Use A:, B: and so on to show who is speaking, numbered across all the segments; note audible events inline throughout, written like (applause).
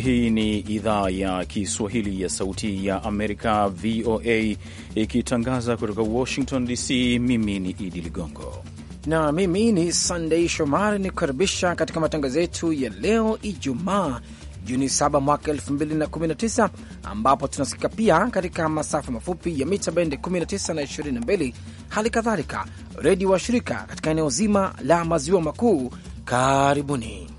A: Hii ni idhaa ya Kiswahili ya Sauti ya Amerika, VOA, ikitangaza kutoka Washington DC. Mimi ni Idi Ligongo
B: na mimi ni Sandei Shomari, ni kukaribisha katika matangazo yetu ya leo Ijumaa Juni 7 mwaka 2019 ambapo tunasikika pia katika masafa mafupi ya mita bende 19 na 22, hali kadhalika redio wa shirika katika eneo zima la maziwa makuu. Karibuni.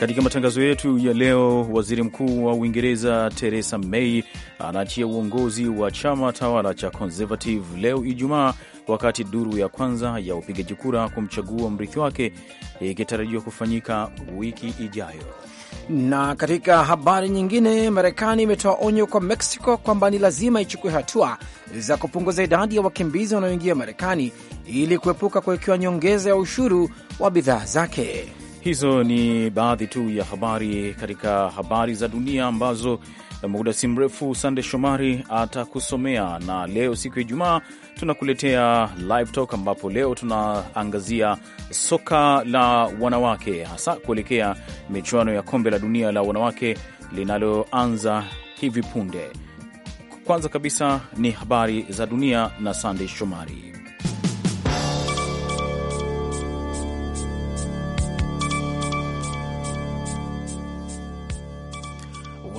A: Katika matangazo yetu ya leo, waziri mkuu wa Uingereza Theresa May anaachia uongozi wa chama tawala cha Conservative leo Ijumaa, wakati duru ya kwanza ya upigaji kura kumchagua mrithi wake
B: ikitarajiwa kufanyika wiki ijayo. Na katika habari nyingine, Marekani imetoa onyo kwa Mexico kwamba ni lazima ichukue hatua za kupunguza idadi ya wakimbizi wanaoingia Marekani ili kuepuka kuwekewa nyongeza ya ushuru wa bidhaa zake.
A: Hizo ni baadhi tu ya habari katika habari za dunia ambazo muda si mrefu Sande Shomari atakusomea. Na leo siku ya Ijumaa tunakuletea live talk, ambapo leo tunaangazia soka la wanawake, hasa kuelekea michuano ya kombe la dunia la wanawake linaloanza hivi punde. Kwanza kabisa ni habari za dunia na Sande Shomari.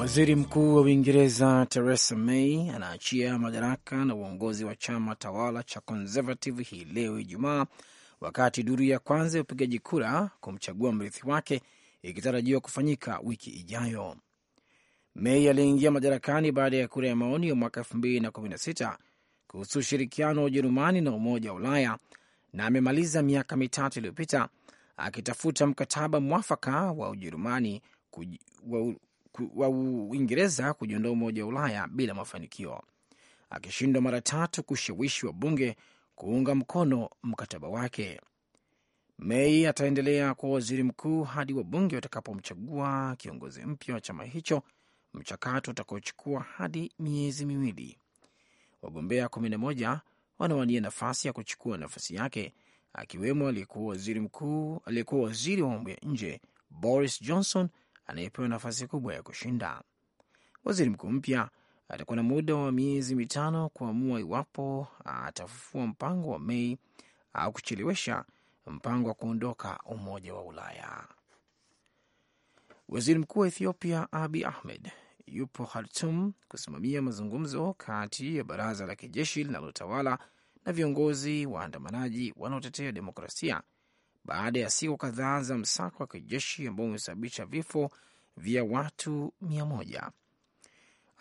B: Waziri Mkuu wa Uingereza Theresa May anaachia madaraka na uongozi wa chama tawala cha Conservative hii leo Ijumaa, wakati duru ya kwanza ya upigaji kura kumchagua mrithi wake ikitarajiwa kufanyika wiki ijayo. May aliingia madarakani baada ya kura ya maoni ya mwaka 2016 kuhusu ushirikiano wa Ujerumani na Umoja wa Ulaya, na amemaliza miaka mitatu iliyopita akitafuta mkataba mwafaka wa Ujerumani wa Uingereza kujiondoa Umoja wa Ulaya bila mafanikio, akishindwa mara tatu kushawishi wabunge kuunga mkono mkataba wake. Mei ataendelea kuwa waziri mkuu hadi wabunge watakapomchagua kiongozi mpya wa chama hicho, mchakato utakaochukua hadi miezi miwili. Wagombea 11 wanawania nafasi ya kuchukua nafasi yake, akiwemo aliyekuwa waziri mkuu, aliyekuwa waziri wa mambo ya nje Boris Johnson anayepewa nafasi kubwa ya kushinda. Waziri mkuu mpya atakuwa na muda wa miezi mitano kuamua iwapo atafufua mpango wa Mei au kuchelewesha mpango wa kuondoka Umoja wa Ulaya. Waziri mkuu wa Ethiopia Abi Ahmed yupo Khartum kusimamia mazungumzo kati ya baraza la kijeshi linalotawala na viongozi waandamanaji wanaotetea demokrasia baada ya siku kadhaa za msako wa kijeshi ambao umesababisha vifo vya watu mia moja.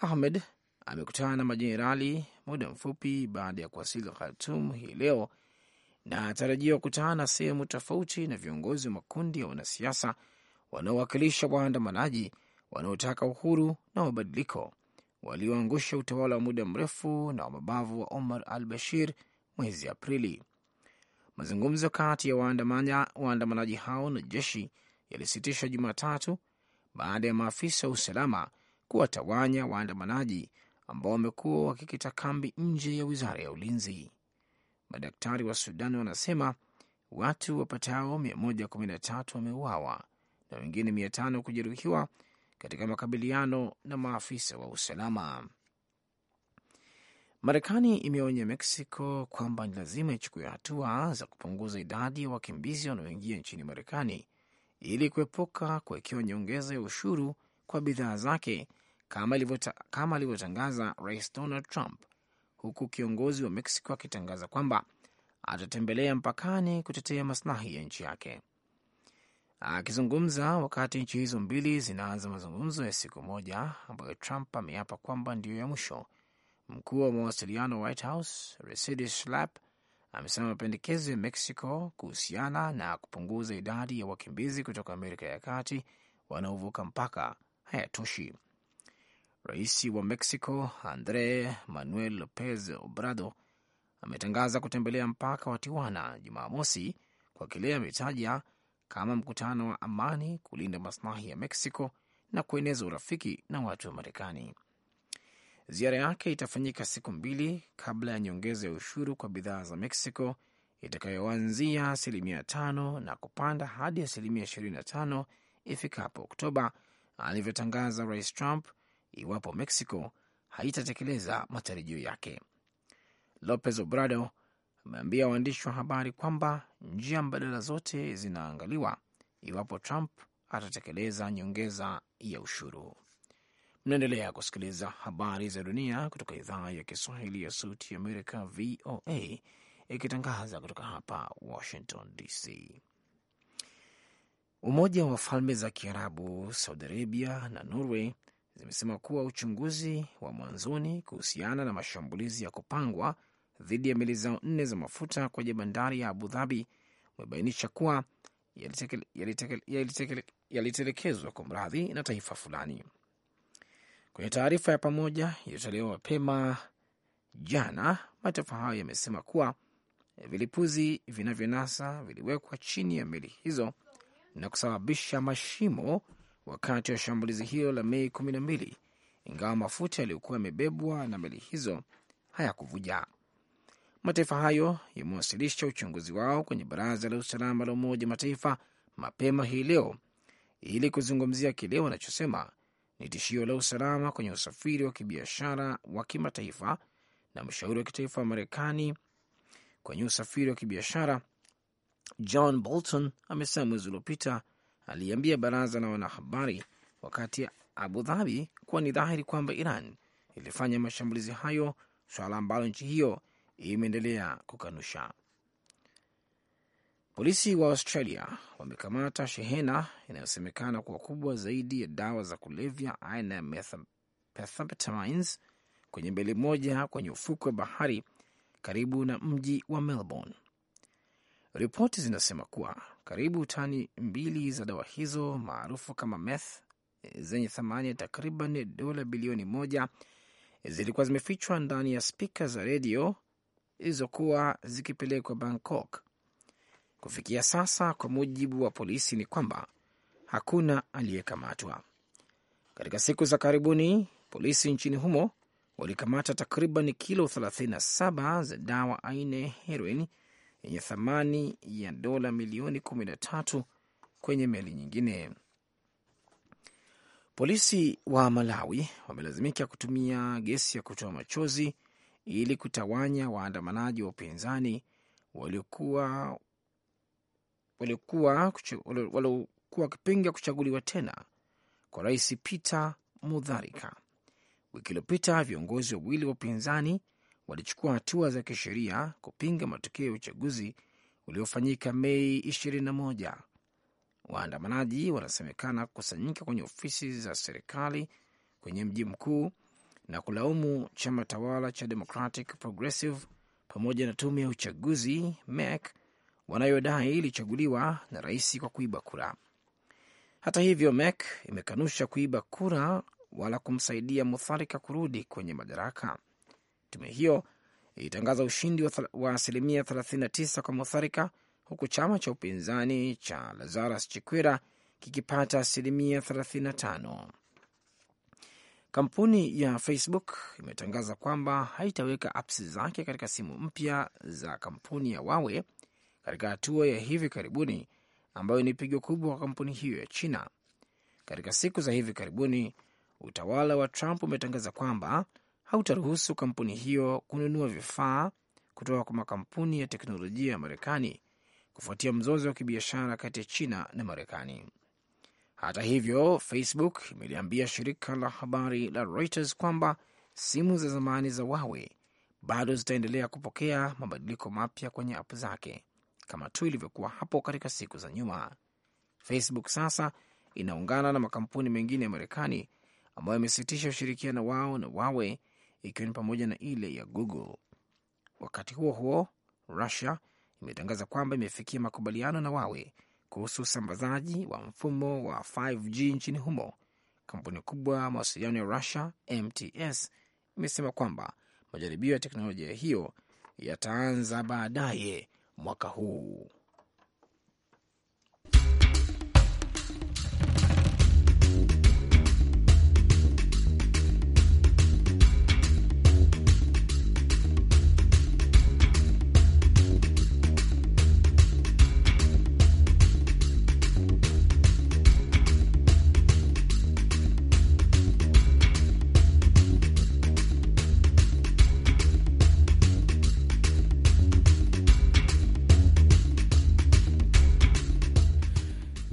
B: Ahmed amekutana na majenerali muda mfupi baada ya kuwasili Khartum hii leo na anatarajiwa kukutana na sehemu tofauti na viongozi wa makundi ya wanasiasa wanaowakilisha waandamanaji wanaotaka uhuru na mabadiliko walioangusha utawala wa muda mrefu na wa mabavu wa Omar al Bashir mwezi Aprili. Mazungumzo kati ya waandamanaji hao na jeshi yalisitishwa Jumatatu baada ya maafisa wa usalama kuwatawanya waandamanaji ambao wamekuwa wakikita kambi nje ya wizara ya ulinzi. Madaktari wa Sudan wanasema watu wapatao 113 wameuawa na wengine 500 kujeruhiwa katika makabiliano na maafisa wa usalama. Marekani imeonya Mexico kwamba ni lazima ichukue hatua za kupunguza idadi ya wa wakimbizi wanaoingia nchini Marekani ili kuepuka kuwekewa nyongeza ya ushuru kwa bidhaa zake kama alivyotangaza Rais Donald Trump, huku kiongozi wa Mexico akitangaza kwamba atatembelea mpakani kutetea maslahi ya nchi yake. Akizungumza wakati nchi hizo mbili zinaanza mazungumzo ya siku moja ambayo Trump ameapa kwamba ndiyo ya mwisho Mkuu wa mawasiliano wa White House Residus Schlapp amesema mapendekezo ya Mexico kuhusiana na kupunguza idadi ya wakimbizi kutoka Amerika ya Kati wanaovuka mpaka hayatoshi. Rais wa Mexico Andre Manuel Lopez Obrador ametangaza kutembelea mpaka wa Tijuana Jumamosi kwa kile ametaja kama mkutano wa amani kulinda maslahi ya Mexico na kueneza urafiki na watu wa Marekani. Ziara yake itafanyika siku mbili kabla ya nyongeza ya ushuru kwa bidhaa za Mexico itakayoanzia asilimia tano na kupanda hadi asilimia ishirini na tano ifikapo Oktoba, alivyotangaza Rais Trump iwapo Mexico haitatekeleza matarajio yake. Lopez Obrador ameambia waandishi wa habari kwamba njia mbadala zote zinaangaliwa iwapo Trump atatekeleza nyongeza ya ushuru. Mnaendelea kusikiliza habari za dunia kutoka idhaa ya Kiswahili ya Sauti ya Amerika, VOA, ikitangaza kutoka hapa Washington DC. Umoja wa Falme za Kiarabu, Saudi Arabia na Norway zimesema kuwa uchunguzi wa mwanzoni kuhusiana na mashambulizi ya kupangwa dhidi ya meli zao nne za mafuta kwenye bandari ya Abu Dhabi umebainisha kuwa yalitelekezwa kwa mradhi na taifa fulani. Kwenye taarifa ya pamoja iliyotolewa mapema jana, mataifa hayo yamesema kuwa vilipuzi vinavyonasa viliwekwa chini ya meli hizo na kusababisha mashimo wakati wa shambulizi hilo la Mei kumi na mbili, ingawa mafuta yaliyokuwa yamebebwa na meli hizo hayakuvuja. Mataifa hayo yamewasilisha uchunguzi wao kwenye Baraza la Usalama la Umoja Mataifa mapema hii leo ili kuzungumzia kile wanachosema ni tishio la usalama kwenye usafiri wa kibiashara wa kimataifa, na mshauri wa kitaifa wa Marekani kwenye usafiri wa kibiashara John Bolton amesema mwezi uliopita, aliambia baraza la wanahabari wakati Abu Dhabi kuwa ni dhahiri kwamba Iran ilifanya mashambulizi hayo, suala ambalo nchi hiyo imeendelea kukanusha. Polisi wa Australia wamekamata shehena inayosemekana kuwa kubwa zaidi ya dawa za kulevya aina ya methamphetamine kwenye meli moja kwenye ufukwe wa bahari karibu na mji wa Melbourne. Ripoti zinasema kuwa karibu tani mbili za dawa hizo maarufu kama meth zenye thamani ya takriban dola bilioni moja zilikuwa zimefichwa ndani ya spika za redio zilizokuwa zikipelekwa Bangkok Kufikia sasa, kwa mujibu wa polisi, ni kwamba hakuna aliyekamatwa. Katika siku za karibuni, polisi nchini humo walikamata takriban kilo 37 za dawa aina ya heroin yenye thamani ya dola milioni 13 kwenye meli nyingine. Polisi wa Malawi wamelazimika kutumia gesi ya kutoa machozi ili kutawanya waandamanaji wa upinzani waliokuwa waliokuwa wakipinga kuchaguliwa tena kwa rais Peter mudharika Wiki iliyopita viongozi wawili wa upinzani walichukua hatua za kisheria kupinga matokeo ya uchaguzi uliofanyika Mei 21. Waandamanaji wanasemekana kukusanyika kwenye ofisi za serikali kwenye mji mkuu na kulaumu chama tawala cha Democratic Progressive pamoja na tume ya uchaguzi MEC wanayodai ilichaguliwa na rais kwa kuiba kura. Hata hivyo, MEC imekanusha kuiba kura wala kumsaidia Mutharika kurudi kwenye madaraka. Tume hiyo ilitangaza ushindi wa asilimia 39 kwa Mutharika, huku chama cha upinzani cha Lazarus Chikwera kikipata asilimia 35. Kampuni ya Facebook imetangaza kwamba haitaweka apps zake katika simu mpya za kampuni ya Huawei katika hatua ya hivi karibuni ambayo ni pigo kubwa kwa kampuni hiyo ya China. Katika siku za hivi karibuni, utawala wa Trump umetangaza kwamba hautaruhusu kampuni hiyo kununua vifaa kutoka kwa makampuni ya teknolojia ya Marekani kufuatia mzozo wa kibiashara kati ya China na Marekani. Hata hivyo, Facebook imeliambia shirika la habari la Reuters kwamba simu za zamani za Huawei bado zitaendelea kupokea mabadiliko mapya kwenye app zake kama tu ilivyokuwa hapo katika siku za nyuma. Facebook sasa inaungana na makampuni mengine ya Marekani ambayo imesitisha ushirikiano wao na Huawei, ikiwa ni pamoja na ile ya Google. Wakati huo huo, Russia imetangaza kwamba imefikia makubaliano na Huawei kuhusu usambazaji wa mfumo wa 5G nchini humo. Kampuni kubwa ya mawasiliano ya Russia, MTS, imesema kwamba majaribio ya teknolojia hiyo yataanza baadaye mwaka huu.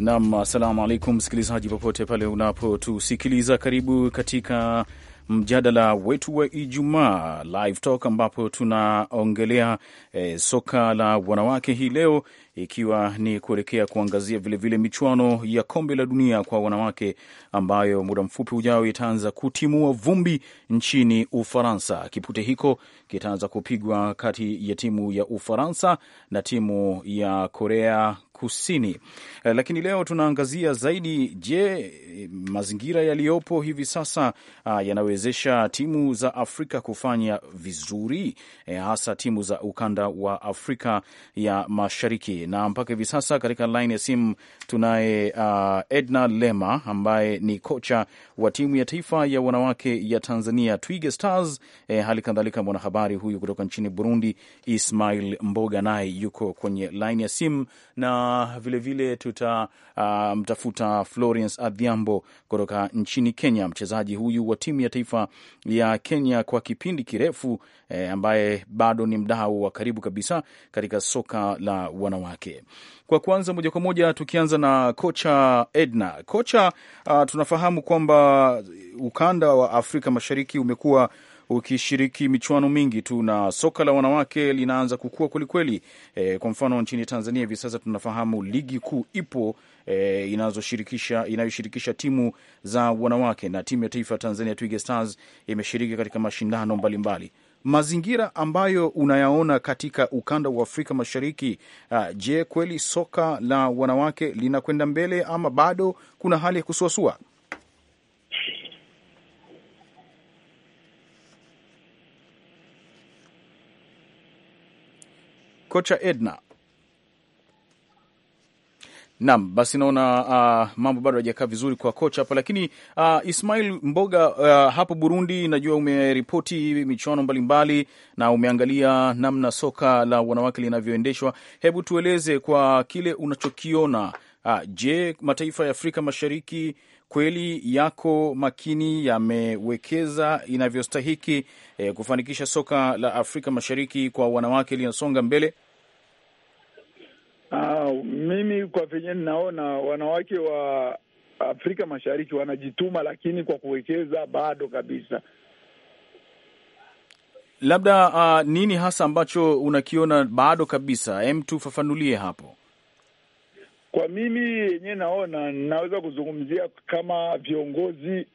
A: Nam, assalamu alaikum msikilizaji, popote pale unapotusikiliza, karibu katika mjadala wetu wa Ijumaa Live Talk, ambapo tunaongelea e, soka la wanawake hii leo, ikiwa ni kuelekea kuangazia vilevile michuano ya kombe la dunia kwa wanawake ambayo muda mfupi ujao itaanza kutimua vumbi nchini Ufaransa. Kipute hiko kitaanza kupigwa kati ya timu ya Ufaransa na timu ya Korea Kusini. Eh, lakini leo tunaangazia zaidi, je, mazingira yaliyopo hivi sasa ah, yanawezesha timu za Afrika kufanya vizuri, eh, hasa timu za ukanda wa Afrika ya Mashariki. Na mpaka hivi sasa katika laini ya simu tunaye uh, ah, Edna Lema ambaye ni kocha wa timu ya taifa ya wanawake ya Tanzania Twiga Stars. E, hali kadhalika mwanahabari huyu kutoka nchini Burundi Ismail Mboga naye yuko kwenye laini ya simu na vilevile tutamtafuta uh, Florence Adhiambo kutoka nchini Kenya, mchezaji huyu wa timu ya taifa ya Kenya kwa kipindi kirefu eh, ambaye bado ni mdau wa karibu kabisa katika soka la wanawake. Kwa kwanza moja kwa moja tukianza na kocha Edna. Kocha uh, tunafahamu kwamba ukanda wa Afrika Mashariki umekuwa ukishiriki michuano mingi tu, na soka la wanawake linaanza kukua kwelikweli. E, kwa mfano nchini Tanzania hivi sasa tunafahamu ligi kuu ipo e, inazoshirikisha inayoshirikisha timu za wanawake na timu ya taifa ya Tanzania Twiga Stars imeshiriki katika mashindano mbalimbali mbali. Mazingira ambayo unayaona katika ukanda wa Afrika Mashariki, uh, je, kweli soka la wanawake linakwenda mbele ama bado kuna hali ya kusuasua? kocha Edna. Naam, basi naona uh, mambo bado hajakaa vizuri kwa kocha hapa, lakini uh, Ismail Mboga, uh, hapo Burundi, najua umeripoti michuano mbalimbali na umeangalia namna soka la wanawake linavyoendeshwa. Hebu tueleze kwa kile unachokiona. Uh, je, mataifa ya Afrika Mashariki kweli yako makini, yamewekeza inavyostahiki e, kufanikisha soka la Afrika Mashariki kwa wanawake linasonga mbele?
C: Uh, mimi kwa venye ninaona wanawake wa Afrika Mashariki wanajituma, lakini kwa kuwekeza bado kabisa.
A: Labda uh, nini hasa ambacho unakiona bado kabisa? Hem, tufafanulie hapo.
C: Kwa mimi yenyewe naona naweza kuzungumzia kama viongozi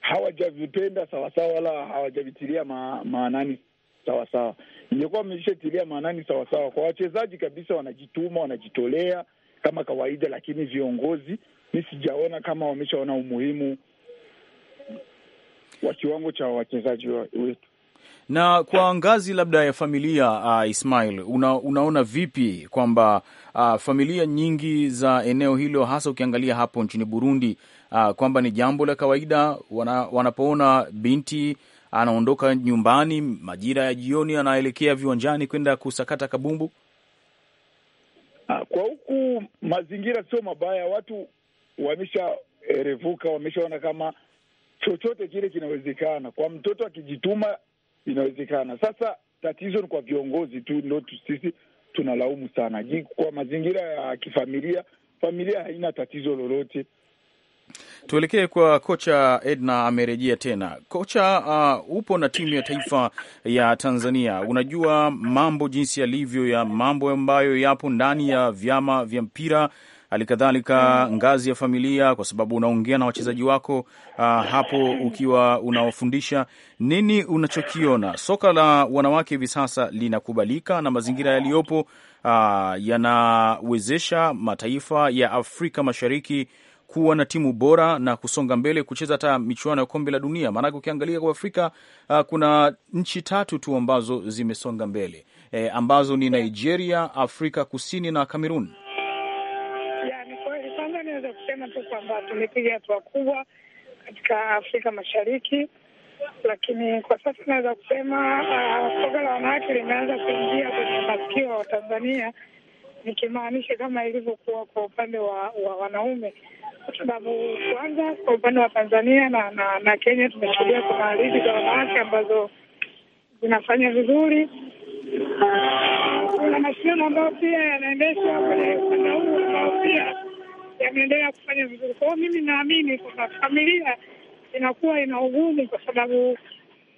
C: hawajavipenda sawasawa, wala hawajavitilia ma, maanani sawasawa. Ingekuwa wameshatilia maanani sawasawa, kwa wachezaji kabisa, wanajituma wanajitolea kama kawaida, lakini viongozi mi sijaona kama wameshaona umuhimu wa kiwango cha wachezaji wetu.
A: Na kwa ngazi labda ya familia uh, Ismail, una, unaona vipi kwamba uh, familia nyingi za eneo hilo hasa ukiangalia hapo nchini Burundi uh, kwamba ni jambo la kawaida wana, wanapoona binti anaondoka nyumbani majira ya jioni anaelekea viwanjani kwenda kusakata kabumbu?
C: Ah, kwa huku mazingira sio mabaya, watu wameshaerevuka, eh, wameshaona kama chochote kile kinawezekana. Kwa mtoto akijituma inawezekana. Sasa tatizo ni kwa viongozi tu, ndo sisi tunalaumu sana. Kwa mazingira ya kifamilia, familia haina tatizo lolote.
A: Tuelekee kwa kocha Edna, amerejea tena kocha. Uh, upo na timu ya taifa ya Tanzania, unajua mambo jinsi yalivyo ya mambo ambayo yapo ndani ya vyama vya mpira halikadhalika ngazi ya familia, kwa sababu unaongea na wachezaji wako uh, hapo ukiwa unawafundisha Nini unachokiona soka la wanawake hivi sasa linakubalika na mazingira yaliyopo, uh, yanawezesha mataifa ya Afrika Mashariki kuwa na timu bora na kusonga mbele kucheza hata michuano ya kombe la dunia. Maanake ukiangalia kwa Afrika uh, kuna nchi tatu tu ambazo zimesonga mbele e, ambazo ni Nigeria, Afrika Kusini na Kamerun.
D: Kwanza niweza kusema tu kwamba tumepiga hatua kubwa katika Afrika Mashariki, lakini kwa sasa naweza kusema uh, ah, soka la wanawake limeanza kuingia kwenye masikio wa Watanzania, nikimaanisha kama ilivyokuwa kwa upande wa, wa wanaume kwa sababu kwanza kwa upande wa Tanzania na na, na Kenya tumeshuhudia kuna ligi za wanawake ambazo zinafanya vizuri. Ah, kuna mashindano ambayo pia yanaendeshwa kwenye upande huu ambao pia yameendelea kufanya vizuri. Kwa hiyo mimi naamini kwamba familia inakuwa ina ugumu, kwa sababu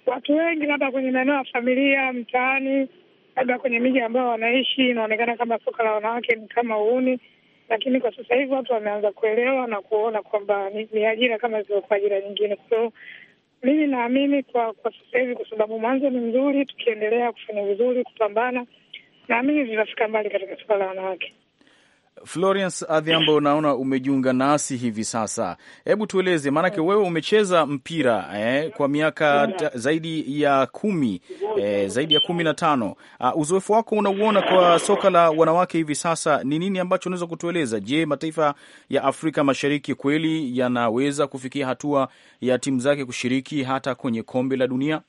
D: watu wengi labda kwenye maeneo ya familia mtaani, labda kwenye miji ambayo wanaishi, inaonekana kama soka la wanawake ni kama uhuni, lakini kwa sasa hivi watu wameanza kuelewa na kuona kwamba ni, ni ajira kama zilivyokuwa ajira nyingine. Kwa hiyo mimi naamini kwa kwa sasa hivi, kwa sababu mwanzo ni mzuri, tukiendelea kufanya vizuri, kupambana, naamini zinafika mbali katika soka la wanawake.
A: Florence Adhiambo, unaona umejiunga nasi hivi sasa, hebu tueleze, maanake wewe umecheza mpira eh, kwa miaka zaidi ya kumi eh, zaidi ya kumi na tano. Uh, uzoefu wako unauona kwa soka la wanawake hivi sasa, ni nini ambacho unaweza kutueleza? Je, mataifa ya Afrika Mashariki kweli yanaweza kufikia hatua ya timu zake kushiriki hata kwenye kombe la dunia?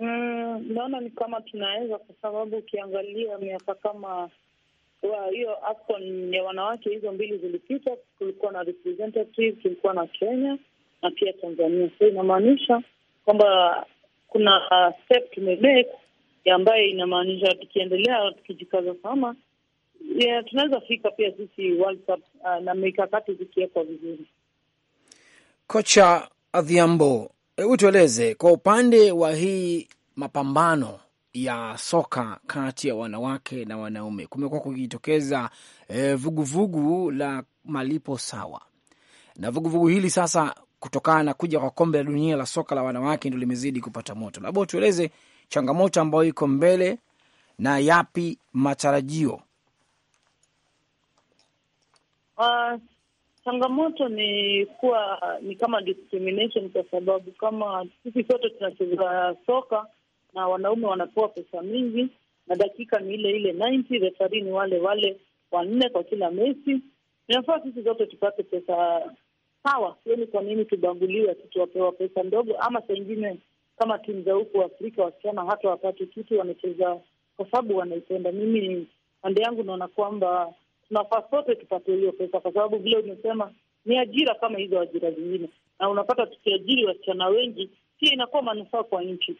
D: Mm, naona ni kama tunaweza, kwa sababu ukiangalia miaka kama wa hiyo AFCON ya wanawake hizo mbili zilipita, kulikuwa na representative, kulikuwa na Kenya na pia Tanzania. So inamaanisha kwamba kuna uh, step tumemake inamaanisha tukiendelea tukijikaza kama yeah, tunaweza fika pia sisi World Cup, uh, na mikakati zikiwekwa vizuri.
B: Kocha Adhiambo, hebu tueleze kwa upande wa hii mapambano ya soka kati ya wanawake na wanaume kumekuwa kukijitokeza eh, vuguvugu eh, vugu la malipo sawa, na vuguvugu vugu hili sasa, kutokana na kuja kwa kombe la dunia la soka la wanawake, ndo limezidi kupata moto. Labda tueleze changamoto ambayo iko mbele na yapi matarajio?
D: Uh, changamoto ni kuwa ni kama discrimination, kwa sababu kama sisi sote tunacheza soka na wanaume wanapewa pesa mingi, na dakika ni ile ile 90, refari ni wale wale wanne kwa kila mechi. Inafaa sisi zote tupate pesa sawa. yani kwa nini tubanguliwe ati tuwapewa pesa ndogo, ama saa ingine kama timu za huku Afrika wasichana hata wapate kitu, wanacheza kwa sababu wanaipenda. Mimi pande yangu naona kwamba tunafaa sote tupate hiyo pesa, kwa sababu vile umesema ni ajira kama hizo ajira zingine, na unapata tukiajiri wasichana wengi, pia inakuwa manufaa kwa nchi.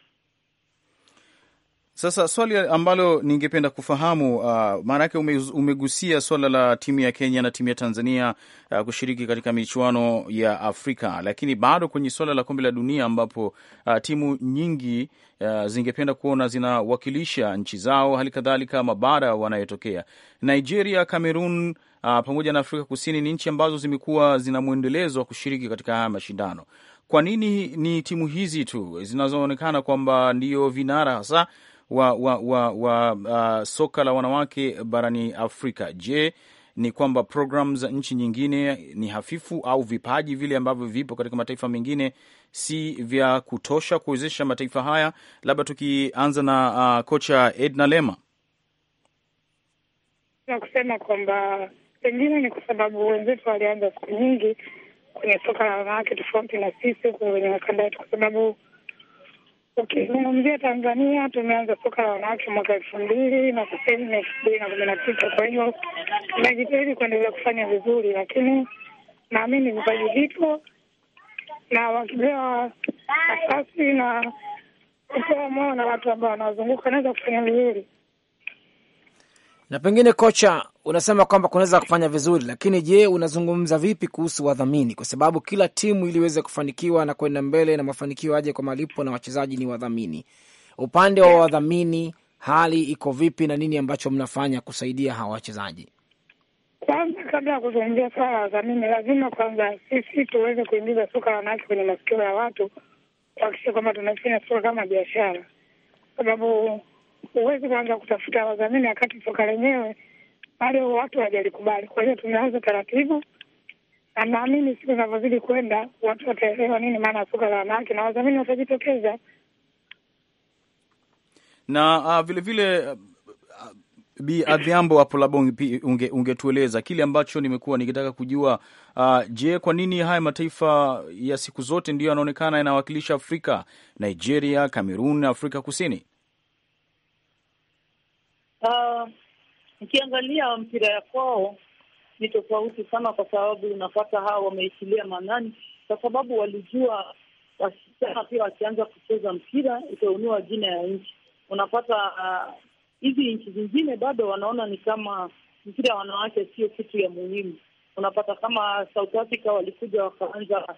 A: Sasa swali ambalo ningependa kufahamu uh, maanake umegusia swala la timu ya Kenya na timu ya Tanzania uh, kushiriki katika michuano ya Afrika, lakini bado kwenye swala la kombe la dunia ambapo uh, timu nyingi uh, zingependa kuona zinawakilisha nchi zao, hali kadhalika mabara wanayotokea Nigeria, Cameroon uh, pamoja na Afrika Kusini ni nchi ambazo zimekuwa zina mwendelezo wa kushiriki katika haya mashindano. Kwa nini ni timu hizi tu zinazoonekana kwamba ndiyo vinara hasa wa, wa, wa, wa uh, soka la wanawake barani Afrika. Je, ni kwamba programu za nchi nyingine ni hafifu au vipaji vile ambavyo vipo katika mataifa mengine si vya kutosha kuwezesha mataifa haya? Labda tukianza na uh, kocha Edna Lema.
D: Na kusema kwamba pengine ni kwa sababu wenzetu walianza siku nyingi kwenye soka la wanawake tofauti na sisi kwenye makanda yetu, kwa sababu Okay, Tanzania. Tumeanza soka la wanawake mwaka elfu mbili na sasa hivi ni elfu mbili na kumi na tisa. Kwa hiyo tunajitahidi kuendelea kufanya vizuri, lakini naamini vipaji vipo na wakipewa nafasi na kupewa moyo na watu ambao wanawazunguka wanaweza kufanya vizuri.
B: Na pengine kocha, unasema kwamba kunaweza kufanya vizuri, lakini je, unazungumza vipi kuhusu wadhamini? Kwa sababu kila timu ili iweze kufanikiwa na kwenda mbele na mafanikio aje kwa malipo na wachezaji ni wadhamini. Upande wa wadhamini hali iko vipi na nini ambacho mnafanya kusaidia hawa wachezaji?
D: Kwanza, kabla ya kuzungumzia swala la wadhamini, lazima kwanza sisi tuweze kuingiza soka la wanawake kwenye masikio ya watu, kuhakikisha kwamba tunafanya soka kama biashara, sababu huwezi kuanza kutafuta wadhamini wakati soka lenyewe bado watu hawajalikubali. Kwa hiyo tumeanza taratibu, na naamini siku zinavyozidi kwenda watu wataelewa nini maana ya soka la wanawake na wadhamini watajitokeza.
A: Na uh, vile uh, Bi Adhiambo hapo, labda ungetueleza unge kile ambacho nimekuwa nikitaka kujua. Uh, je, kwa nini haya mataifa ya siku zote ndiyo yanaonekana yanawakilisha Afrika? Nigeria, Cameroon, Afrika Kusini.
D: Ukiangalia ah, uh, mpira ya kwao ni tofauti sana, kwa sababu unapata hawa wameishilia maanani, kwa sababu walijua wasichana pia wakianza kucheza mpira itaunua jina ya nchi. Unapata ah, hizi uh, nchi zingine bado wanaona ni kama mpira ya wanawake sio kitu ya muhimu. Unapata kama South Africa walikuja wakaanza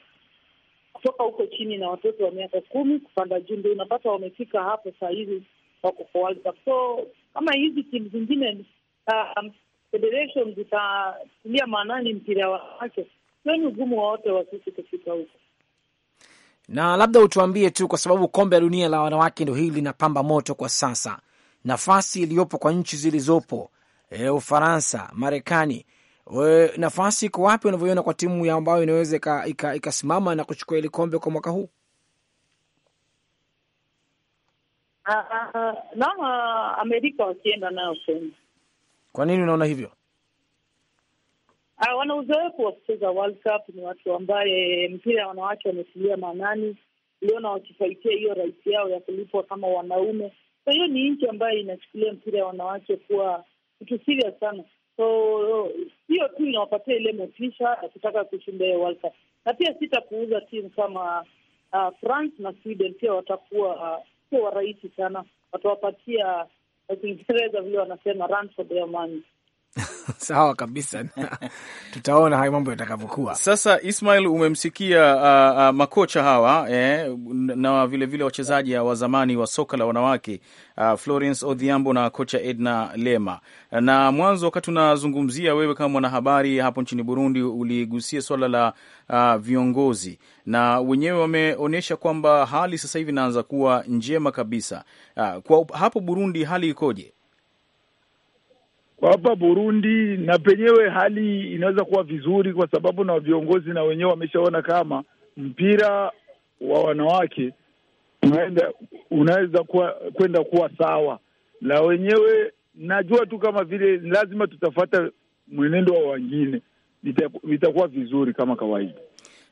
D: kutoka huko chini na watoto wa miaka kumi kupanda juu, ndio unapata wamefika hapo saa hizi wako So kama hizi timu zingine um, federation zitatilia maanani mpira wake, sioni ugumu wowote wa sisi kufika huko
B: na labda utuambie tu, kwa sababu kombe la dunia la wanawake ndo hili linapamba moto kwa sasa, nafasi iliyopo kwa nchi zilizopo, e, Ufaransa, Marekani, e, nafasi iko wapi unavyoiona kwa timu ambayo inaweza ikasimama na kuchukua hili kombe kwa mwaka huu?
D: Ah, ah, ah, naona Amerika wakienda nayo Kenya.
B: Kwa nini unaona hivyo?
D: Wana uzoefu wa kucheza World Cup, ni watu ambaye mpira ya wanawake wamesilia maanani, uliona wakifaitia hiyo rahisi yao ya kulipwa kama wanaume. So hiyo ni nchi ambayo inachukulia mpira ya wanawake kuwa kitu serious sana, so hiyo tu inawapatia ile motisha ya kutaka kushinda hiyo World Cup, na pia sitakuuza timu kama uh, France na Sweden pia watakuwa uh, sio warahisi sana, watawapatia Kiingereza vile wanasema run money.
B: (laughs) Sawa kabisa (laughs) tutaona hayo mambo yatakavyokuwa.
A: Sasa Ismail, umemsikia uh, uh, makocha hawa eh, na vilevile wachezaji wa zamani wa soka la wanawake uh, Florence Odhiambo na kocha Edna Lema. Na mwanzo wakati unazungumzia wewe kama mwanahabari hapo nchini Burundi, uligusia swala la uh, viongozi na wenyewe wameonyesha kwamba hali sasa hivi inaanza kuwa njema kabisa. Uh, kwa
C: hapo Burundi hali ikoje? hapa Burundi, na penyewe hali inaweza kuwa vizuri, kwa sababu na viongozi na wenyewe wameshaona kama mpira wa wanawake unaenda unaweza kuwa kwenda kuwa sawa na wenyewe. Najua tu kama vile lazima tutafata mwenendo wa wengine, vitakuwa vizuri kama kawaida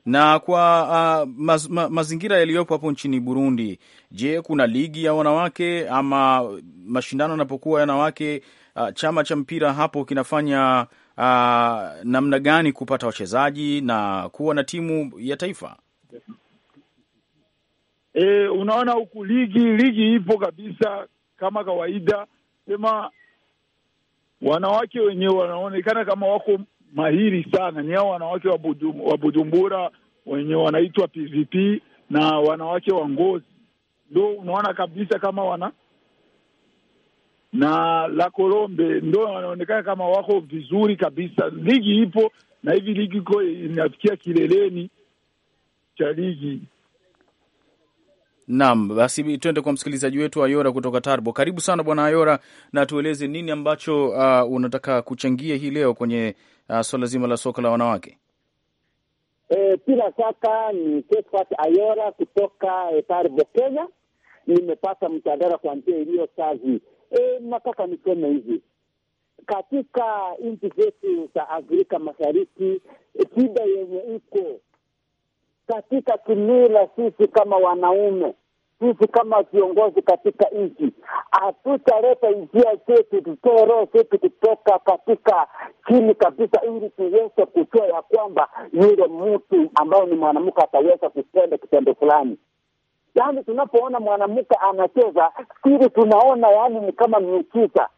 A: na kwa uh, maz, ma, mazingira yaliyopo hapo nchini Burundi, je, kuna ligi ya wanawake ama mashindano yanapokuwa ya wanawake uh, chama cha mpira hapo kinafanya uh, namna gani kupata wachezaji na kuwa na timu ya taifa?
C: E, unaona huku ligi ligi ipo kabisa kama kawaida, sema wanawake wenyewe wanaonekana kama wako mahiri sana, ni hao wanawake wa Bujumbura wenye wanaitwa PVP na wanawake wa Ngozi, ndo unaona kabisa kama wana na la Colombe ndo wanaonekana kama wako vizuri kabisa. Ligi ipo na hivi ligi iko inafikia kileleni cha ligi.
A: Naam, basi twende kwa msikilizaji wetu Ayora kutoka Tarbo. Karibu sana bwana Ayora, na tueleze nini ambacho uh, unataka kuchangia hii leo kwenye uh, swala zima la soka la wanawake.
E: E, bila e, shaka ni Kefat Ayora kutoka e, eh, Tarbo, Kenya. Nimepata mtandara kwa njia iliyo sazi E, nataka niseme hivi katika nchi zetu za Afrika Mashariki, shida yenye iko katika kimila, sisi kama wanaume, sisi kama viongozi katika nchi, hatutaleta njia zetu, tutoe roho zetu kutoka katika chini kabisa, ili tuweze kutoa ya kwamba yule mtu ambayo ni mwanamke ataweza kutenda kitendo fulani yaani tunapoona mwanamke anacheza siri tunaona yaani ni kama miujiza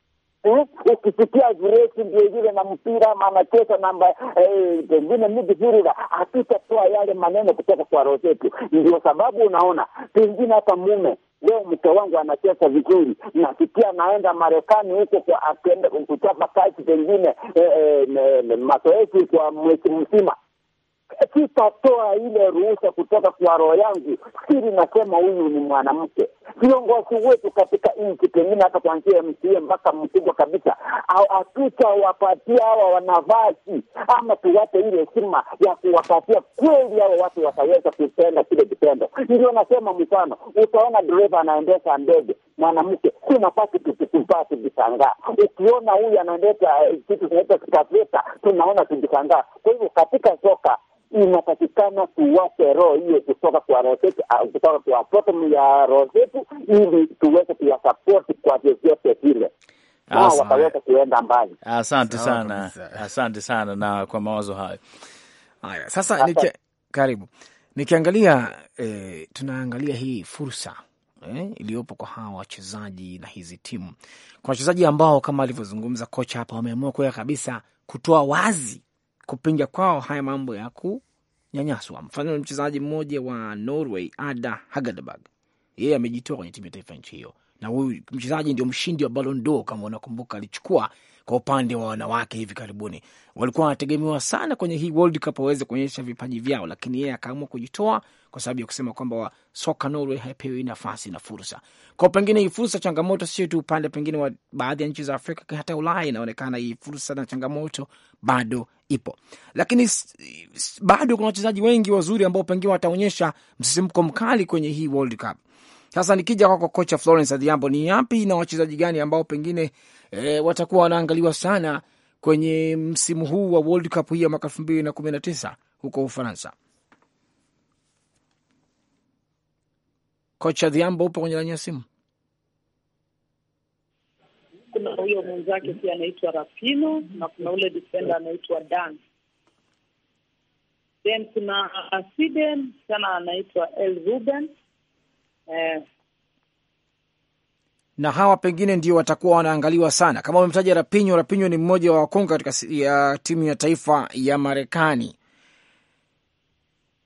E: eh? Ukisikia Grace ndio yule na mpira ama anacheza namba eh, pengine eh, midfielder, hatutatoa yale maneno kutoka kwa roho zetu. Ndio sababu unaona pengine hata mume leo mke wangu anacheza vizuri, nasikia anaenda Marekani huko kwa kuchapa kazi, pengine eh, eh, mazoezi kwa mwezi mzima, sitatoa ile ruhusa kutoka kwa roho yangu siri, nasema huyu ni mwanamke. Viongozi wetu katika nchi, pengine hata kuanzia ya mpaka mkubwa kabisa, hatutawapatia hawa wanavazi ama tuwape ile heshima ya kuwapatia kweli, hawa watu wataweza kutenda kile kitendo. Ndio nasema mfano, utaona dereva anaendesha ndege mwanamke, si nafasi tukikuvaa tujishangaa. Ukiona huyu anaendesha eh, kitu kinaitwa tunaweza tunaona tujishangaa. Kwa hivyo katika soka inapatikana tuwache roho hiyo kutoka kwa roho zetu, kutoka kwa potom ya roho zetu, ili tuweze kuwasapoti kwa vyovyote vile. kuenda
A: Asante sana,
B: asante sana na kwa mawazo hayo. Haya, sasa nikia, karibu nikiangalia eh, tunaangalia hii fursa eh, iliyopo kwa hawa wachezaji na hizi timu. Kuna wachezaji ambao kama alivyozungumza kocha hapa, wameamua kuweka kabisa, kutoa wazi kupinga kwao haya mambo ya kunyanyaswa. Mfano mchezaji mmoja wa Norway, Ada Hagadberg, yeye amejitoa kwenye timu ya taifa nchi hiyo, na huyu mchezaji ndio mshindi wa Ballon d'Or kama unakumbuka, alichukua kwa upande wa wanawake hivi karibuni. Walikuwa wanategemewa sana kwenye hii World Cup waweze kuonyesha vipaji vyao, lakini yeye akaamua kujitoa kwa sababu ya kusema kwamba soka Norway haipewi nafasi na fursa. Kwa pengine hii fursa, changamoto sio tu upande pengine wa baadhi ya nchi za Afrika, hata Ulaya inaonekana hii fursa na changamoto bado ipo, lakini bado kuna wachezaji wengi wazuri ambao pengine wataonyesha msisimko mkali kwenye hii World Cup. Sasa nikija kwako kocha Florence Adhiambo, ni yapi na wachezaji gani ambao pengine e, watakuwa wanaangaliwa sana kwenye msimu huu wa World Cup hii ya mwaka elfu mbili na kumi na tisa huko Ufaransa. Kocha Dhiambo, upo kwenye lani ya simu?
D: Kuna huyo mwenzake pia anaitwa Rapino na kuna ule defenda anaitwa Dan, then kuna Sweden sana anaitwa El Ruben. Eh,
B: na hawa pengine ndio watakuwa wanaangaliwa sana. Kama umemtaja Rapinyo, Rapinyo ni mmoja wa wakonga katika ya timu ya taifa ya Marekani.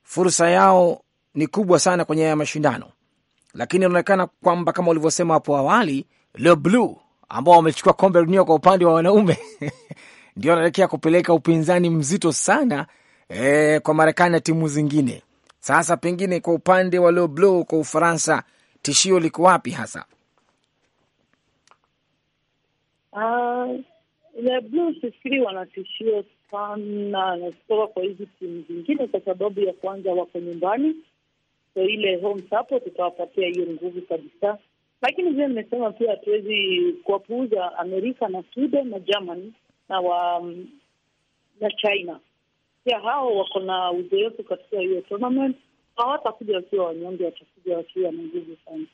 B: Fursa yao ni kubwa sana kwenye haya mashindano, lakini inaonekana kwamba kama ulivyosema hapo awali, Le Bleu ambao wamechukua kombe la dunia kwa upande wa wanaume (laughs) ndio wanaelekea kupeleka upinzani mzito sana e, kwa Marekani na timu zingine. Sasa pengine kwa upande wa Le Bleu kwa Ufaransa, tishio liko wapi hasa?
D: Uh, ah, the Blues sifikiri sana kutoka kwa hizi timu zingine, kwa sababu ya kwanza wako nyumbani, so ile home support utawapatia hiyo nguvu kabisa, lakini vile nimesema pia hatuwezi kuwapuuza Amerika na Sweden na Germany na wa mm, na China pia, hao wako na uzoefu katika hiyo tournament. Hawatakuja wakiwa wanyonge, watakuja wakiwa na nguvu sana.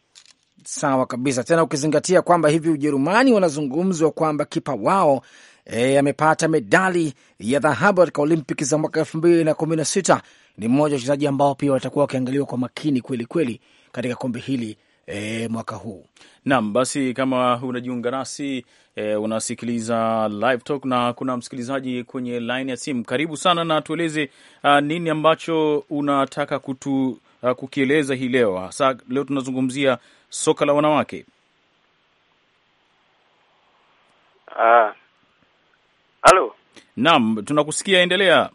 B: Sawa kabisa, tena ukizingatia kwamba hivi Ujerumani wanazungumzwa kwamba kipa wao e, amepata medali ya dhahabu katika Olimpiki za mwaka elfu mbili na kumi na sita. Ni mmoja wa wachezaji ambao pia watakuwa wakiangaliwa kwa makini kweli kweli katika kombe hili e, mwaka huu.
A: Naam, basi kama unajiunga nasi e, unasikiliza Live Talk na kuna msikilizaji kwenye laini ya simu. Karibu sana na tueleze nini ambacho unataka kutu Uh, kukieleza hii leo, hasa leo tunazungumzia soka la wanawake? Uh, naam, tunakusikia, endelea.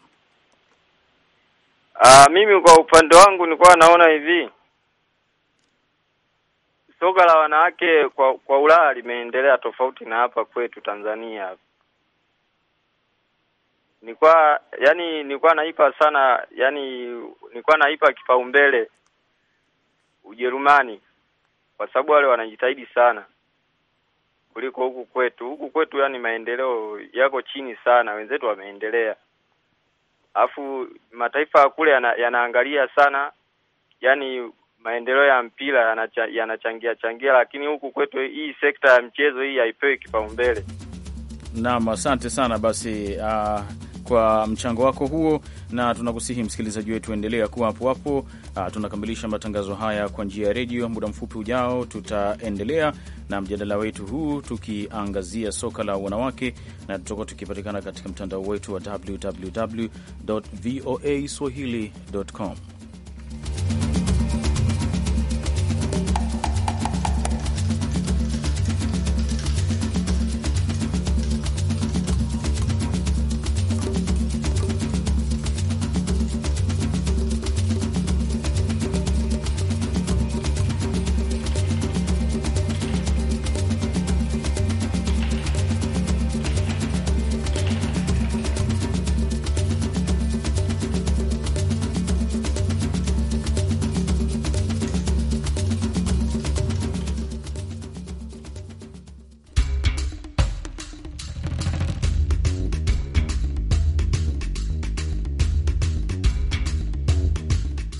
A: Uh, mimi kwa upande wangu nilikuwa naona hivi soka la wanawake kwa kwa Ulaya limeendelea tofauti na hapa kwetu Tanzania hapa nilikuwa yani nilikuwa naipa sana yani nilikuwa naipa kipaumbele Ujerumani kwa sababu wale wanajitahidi sana kuliko huku kwetu. Huku kwetu yani maendeleo yako chini sana, wenzetu wameendelea. Afu mataifa ya kule yana, yanaangalia sana
E: yani maendeleo ya mpira yanachangia yana changia, changia, lakini huku kwetu hii sekta ya mchezo hii haipewi kipaumbele.
A: Naam, asante sana basi uh kwa mchango wako huo, na tunakusihi msikilizaji wetu, endelea kuwa hapo hapo. Ah, tunakamilisha matangazo haya kwa njia ya redio. Muda mfupi ujao, tutaendelea na mjadala wetu huu tukiangazia soka la wanawake, na tutakuwa tukipatikana katika mtandao wetu wa www voa swahili.com.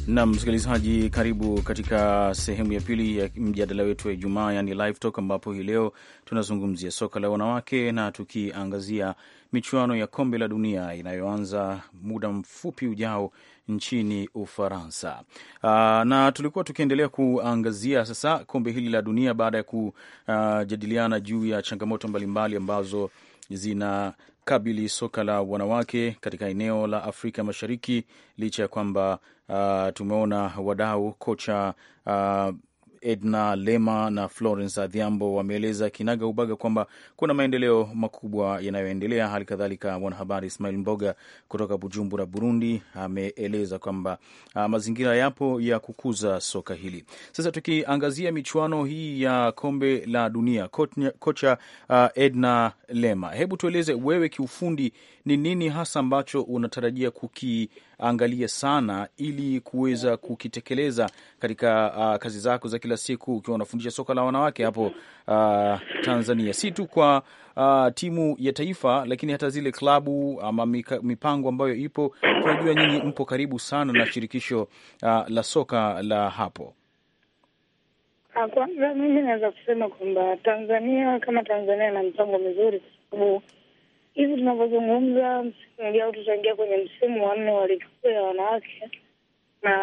A: nam msikilizaji, karibu katika sehemu ya pili ya mjadala wetu wa Ijumaa, yani live talk, ambapo hii leo tunazungumzia soka la wanawake na tukiangazia michuano ya kombe la dunia inayoanza muda mfupi ujao nchini Ufaransa. Aa, ah, na tulikuwa tukiendelea kuangazia sasa kombe hili la dunia baada ya kujadiliana juu ya changamoto mbalimbali ambazo zina kukabili soka la wanawake katika eneo la Afrika Mashariki, licha ya kwamba uh, tumeona wadau kocha uh, Edna Lema na Florence Adhiambo wameeleza kinaga ubaga kwamba kuna maendeleo makubwa yanayoendelea. Hali kadhalika mwanahabari Ismail Mboga kutoka Bujumbura, Burundi, ameeleza kwamba ah, mazingira yapo ya kukuza soka hili. Sasa tukiangazia michuano hii ya kombe la dunia, kocha ah, Edna Lema, hebu tueleze wewe kiufundi ni nini hasa ambacho unatarajia kukiangalia sana ili kuweza kukitekeleza katika uh, kazi zako za kila siku ukiwa unafundisha soka la wanawake hapo uh, Tanzania, si tu kwa uh, timu ya taifa, lakini hata zile klabu ama mipango ambayo ipo? Tunajua nyinyi mpo karibu sana na shirikisho uh, la soka la hapo.
D: Ah, kwanza mimi naweza kusema kwamba Tanzania kama Tanzania na mpango mizuri kwa sababu hivi tunavyozungumza, msimu tutaingia kwenye msimu wa nne wa ligi kuu ya wanawake, na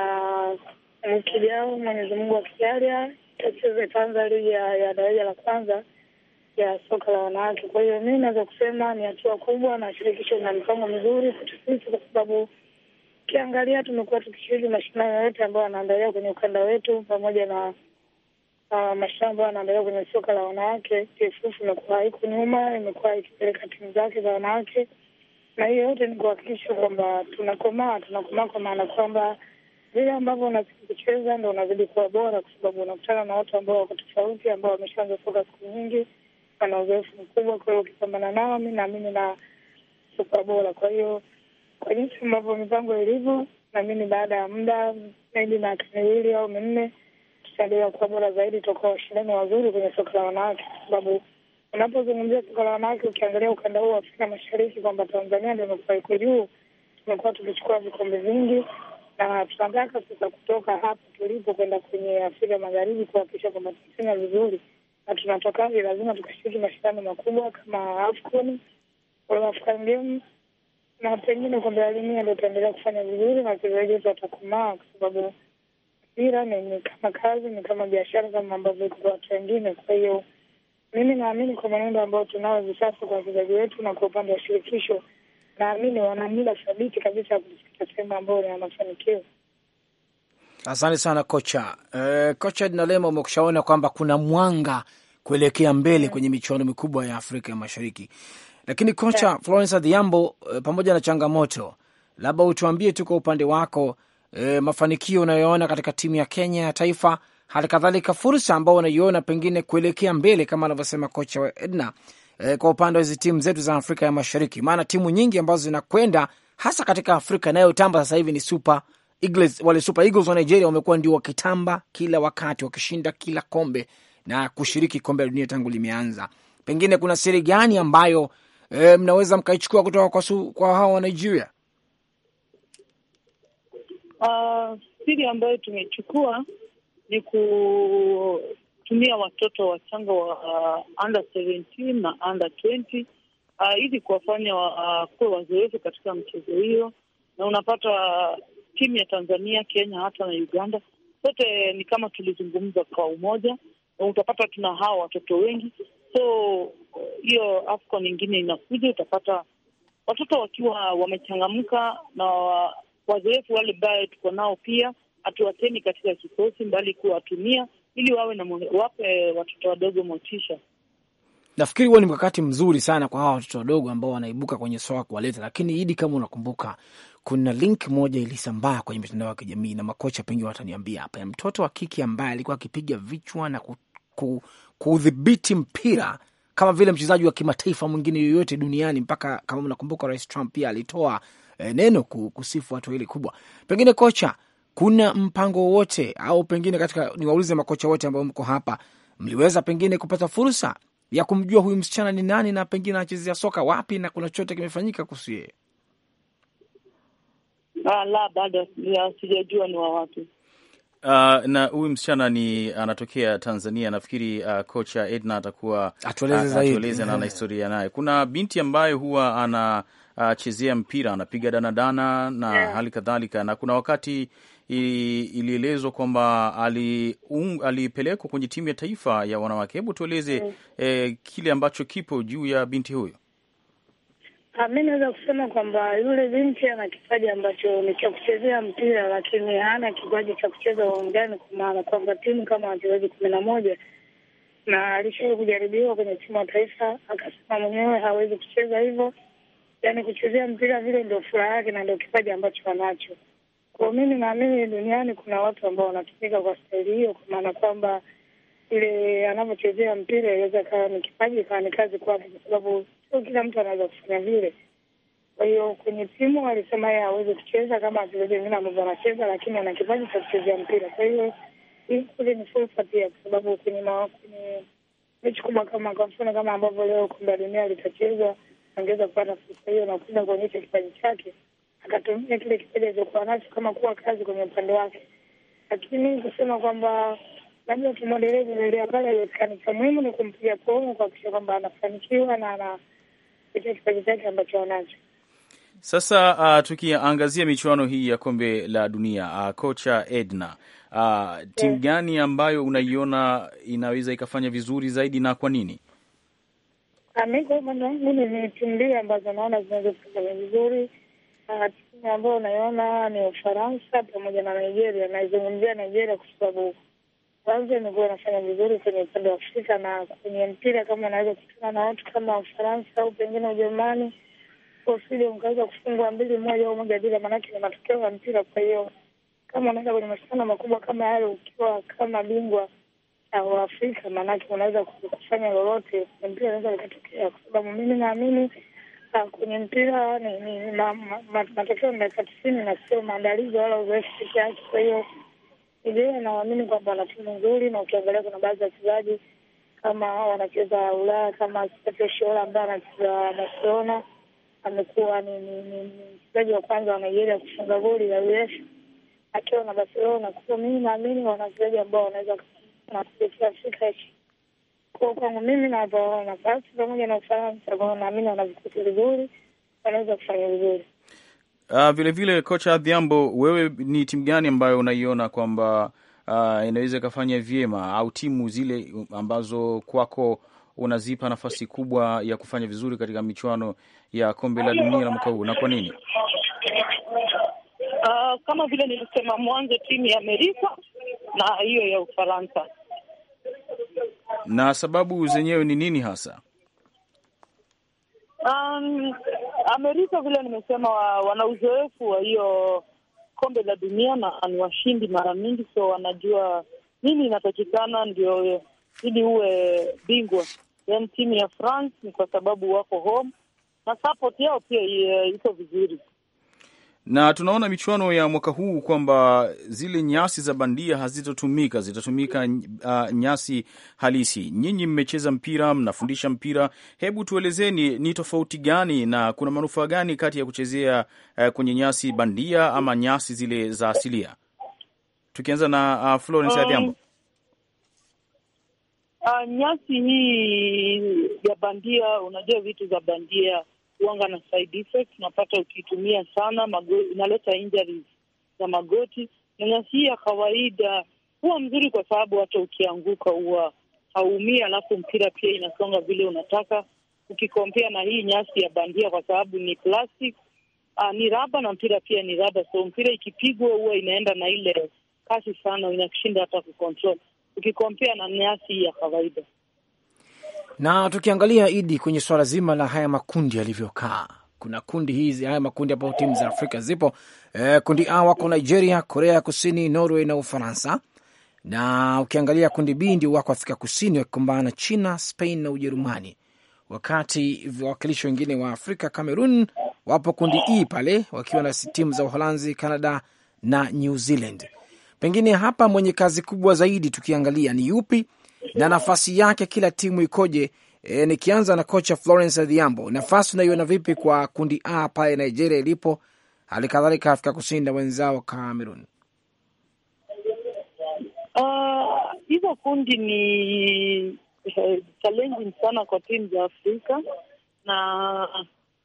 D: wiki ujao, Mwenyezi Mungu akijalia, tacheze itaanza ligi ya daraja la kwanza ya soka la wanawake. Kwa hiyo mi naweza kusema ni hatua kubwa na shirikisho na mipango mizuri kwetu sisi, kwa sababu ukiangalia tumekuwa tukishiriki mashindano yote ambayo yanaandalia kwenye ukanda wetu pamoja na uh, ah, mashindano ambayo kwenye soka la wanawake. TFF imekuwa iko nyuma, imekuwa ikipeleka timu zake za wanawake, na hiyo yote ni kuhakikisha kwamba tunakomaa, tunakomaa kwa maana kwamba vile ambavyo unazidi kucheza ndo unazidi kuwa bora, kwa sababu unakutana na watu ambao wako tofauti, ambao wameshaanza soka siku nyingi, wana uzoefu mkubwa. Kwa hiyo ukipambana nao, mi naamini na kuwa bora. Kwa hiyo kwa jinsi ambavyo mipango ilivyo, naamini baada ya muda maybe miaka miwili au minne kusalia kusaidia bora zaidi toka washindani wazuri kwenye soka la wanawake, kwa sababu unapozungumzia soka la wanawake, ukiangalia ukanda huu wa Afrika Mashariki kwamba Tanzania ndio imekuwa iko juu, tumekuwa tukichukua vikombe vingi, na tunataka sasa kutoka hapa tulipo kwenda kwenye Afrika Magharibi kuhakikisha kwamba tunafanya vizuri, na tunatokaje, lazima tukashiriki mashindano makubwa kama AFCON, African Games na pengine kombe la dunia, ndio tutaendelea kufanya vizuri na wachezaji wetu watakomaa kwa sababu ajira ni kama kazi, ni kama biashara, kama ambavyo kwa watu wengine. Kwa hiyo mimi naamini kwa mwenendo ambao tunao hivi sasa kwa wachezaji wetu na kwa upande wa shirikisho, naamini wana mila thabiti kabisa ya kujifika sehemu ambayo ni ya mafanikio.
B: Asante sana kocha. Eh, kocha Dinalema, umekushaona kwamba kuna mwanga kuelekea mbele kwenye michuano mikubwa ya Afrika ya Mashariki, lakini kocha Florence Adhiambo, eh, pamoja na changamoto, labda utuambie tu kwa upande wako e, mafanikio unayoona katika timu ya Kenya ya taifa, hali kadhalika fursa ambao unaiona pengine kuelekea mbele kama anavyosema kocha wa Edna e, kwa upande wa hizi timu zetu za Afrika ya Mashariki, maana timu nyingi ambazo zinakwenda hasa katika Afrika inayotamba sasa hivi ni Super Eagles. Wale Super Eagles wa Nigeria wamekuwa ndio wakitamba kila wakati, wakishinda kila kombe na kushiriki kombe la dunia tangu limeanza. Pengine kuna siri gani ambayo e, mnaweza mkaichukua kutoka kwa, kwa wa Nigeria?
D: Uh, siri ambayo tumechukua ni kutumia watoto wachanga wa uh, under 17 na under 20 uh, ah, ili kuwafanya uh, kuwa wazoefu katika mchezo hiyo, na unapata timu ya Tanzania, Kenya hata na Uganda sote ni kama tulizungumza kwa umoja, na utapata tuna hawa watoto wengi, so hiyo AFCON nyingine inakuja, utapata watoto wakiwa wamechangamka na Wazoefu wale ambayo tuko nao pia hatuwateni katika kikosi, mbali kuwatumia ili wawe na wape watoto wadogo motisha.
B: Nafikiri huo ni mkakati mzuri sana kwa hawa watoto wadogo ambao wanaibuka kwenye swala kuwaleta. Lakini Idi, kama unakumbuka, kuna link moja ilisambaa kwenye mitandao ya kijamii, na makocha pengine wataniambia hapa, ya mtoto wa kike ambaye alikuwa akipiga vichwa na kudhibiti mpira kama vile mchezaji wa kimataifa mwingine yoyote duniani, mpaka kama unakumbuka, Rais Trump pia alitoa Eh, neno kusifu hatua hili kubwa. Pengine kocha, kuna mpango wowote au pengine katika, niwaulize makocha wote ambao mko hapa, mliweza pengine kupata fursa ya kumjua huyu msichana ni nani na pengine anachezea soka wapi na kuna chochote kimefanyika kuhusu yeye?
D: Ah, la, bado sijajua ni wa wapi.
A: Uh, na huyu msichana ni anatokea Tanzania nafikiri. Uh, kocha Edna atakuwa atueleze na ana historia naye. Kuna binti ambaye huwa ana uh, chezea mpira, anapiga danadana na yeah, hali kadhalika, na kuna wakati ilielezwa kwamba alipelekwa kwenye timu ya taifa ya wanawake. Hebu tueleze mm, eh, kile ambacho kipo juu ya binti huyo.
D: Ah, Mi naweza kusema kwamba yule binti ana kipaji ambacho ni cha kuchezea mpira, lakini hana kipaji cha kucheza uwanjani, kwa maana kwamba timu kama wachezaji kumi na moja na alishawahi kujaribiwa kwenye timu ya taifa, akasema mwenyewe hawezi kucheza hivyo, yani kuchezea mpira vile ndo furaha yake na ndo kipaji ambacho anacho. Kwa mimi naamini duniani kuna watu ambao wanatumika kwa staili hiyo, kwa maana kwamba ile anavyochezea mpira inaweza kawa ni kipaji kawa ni kazi kwake, kwa sababu sio kila mtu anaweza kufanya vile. Kwa hiyo kwenye timu alisema yeye aweze kucheza kama vile vingine ambavyo anacheza, lakini ana kipaji cha kuchezea mpira. Kwa hiyo hii kule ni fursa pia, kwa sababu kwenye mechi kubwa kama kwa mfano kama ambavyo leo kombe la dunia litachezwa angeweza kupata fursa hiyo na kuja kuonyesha kipaji chake, akatumia kile kipaji alichokuwa nacho kama kuwa kazi kwenye upande wake. Lakini kusema kwamba labda tumwendelee kuendelea pale aliwezekani, cha muhimu ni kumpiga pongo, kuhakikisha kwamba anafanikiwa na anapitia kipaji chake ambacho anacho.
A: Sasa uh, tukiangazia michuano hii ya kombe la dunia uh, kocha Edna uh, timu gani ambayo unaiona inaweza ikafanya vizuri zaidi na kwa nini?
D: Mi kwa upande wangu ni timu mbili ambazo naona zinazofanya vizuri. Ah, timu ambayo unaiona ni Ufaransa pamoja na Nigeria. Naizungumzia Nigeria kwa sababu kwanza imekuwa inafanya vizuri kwenye upande wa Afrika na kwenye mpira, kama unaweza kutana na watu kama Ufaransa au pengine Ujerumani kosili mkaweza kufungwa mbili moja au moja bila, maanake ni matokeo ya mpira. Kwa hiyo kama unaenda kwenye mashindano makubwa kama yale ukiwa kama bingwa ya Uafrika, maanake unaweza kufanya lolote kwenye mpira, unaweza likatokea, kwa sababu mimi naamini ah, kwenye mpira ni, ni ma, ma, ma, matokeo ni dakika tisini na sio maandalizi wala uzoefu peke yake. Kwa hiyo Nigeria naamini kwamba wana timu nzuri, na ukiangalia kuna baadhi ya wachezaji kama wanacheza Ulaya kama Sergio Shola ambaye anacheza Barcelona amekuwa ni mchezaji wa kwanza wa Nigeria kufunga goli la UEFA akiwa na Barcelona. Kwa hiyo mimi naamini wana wachezaji ambao wanaweza mimi pamoja na ufahamu, naamini vizuri, wanaweza kufanya vizuri.
A: Uh, vile vile kocha Adhiambo, wewe ni timu gani ambayo unaiona kwamba uh, inaweza ikafanya vyema au timu zile ambazo kwako unazipa nafasi kubwa ya kufanya vizuri katika michuano ya kombe la dunia la mwaka huu na kwa nini?
D: Uh, kama vile nilisema mwanzo, timu ya Amerika na hiyo ya Ufaransa.
A: Na sababu zenyewe ni nini hasa?
D: Um, Amerika vile nimesema, wana uzoefu wa hiyo kombe la dunia na ni washindi mara mingi, so wanajua nini inatakikana ndio ili uwe bingwa. Yaani timu ya France ni kwa sababu wako home na support yao pia eh, iko vizuri
A: na tunaona michuano ya mwaka huu kwamba zile nyasi za bandia hazitatumika, zitatumika uh, nyasi halisi. Nyinyi mmecheza mpira, mnafundisha mpira, hebu tuelezeni ni tofauti gani na kuna manufaa gani kati ya kuchezea uh, kwenye nyasi bandia ama nyasi zile za asilia, tukianza na uh, Florence um, Adhiambo. um,
D: uh, nyasi hii ya bandia, unajua vitu za bandia huanga na side effect. Unapata ukitumia sana inaleta injuries za magoti, na nyasi hii ya kawaida huwa mzuri kwa sababu hata ukianguka huwa hauumii, alafu mpira pia inasonga vile unataka, ukikompea na hii nyasi ya bandia, kwa sababu ni plastic, Uh, ni raba na mpira pia ni raba, so mpira ikipigwa huwa inaenda na ile kasi sana, inakushinda hata kucontrol ukikompea na nyasi ya kawaida.
B: Na tukiangalia idi kwenye swala zima la haya makundi yalivyokaa, kuna kundi hizi, haya makundi ambayo timu za Afrika zipo eh, kundi A wako Nigeria, Korea Kusini, Norway na Ufaransa, na ukiangalia kundi B ndio wako Afrika Kusini wakikumbana na China, Spain na Ujerumani, wakati wawakilishi wengine wa Afrika Cameroon wapo kundi E pale wakiwa na timu za Uholanzi, Canada na New Zealand. Pengine hapa mwenye kazi kubwa zaidi tukiangalia ni yupi na nafasi yake kila timu ikoje? E, nikianza na kocha Florence Adhiambo, nafasi unaiona vipi kwa kundi A pale Nigeria ilipo, hali kadhalika Afrika Kusini na wenzao Cameroon?
D: Ah, hizo uh, kundi ni eh, challenging sana kwa timu za Afrika na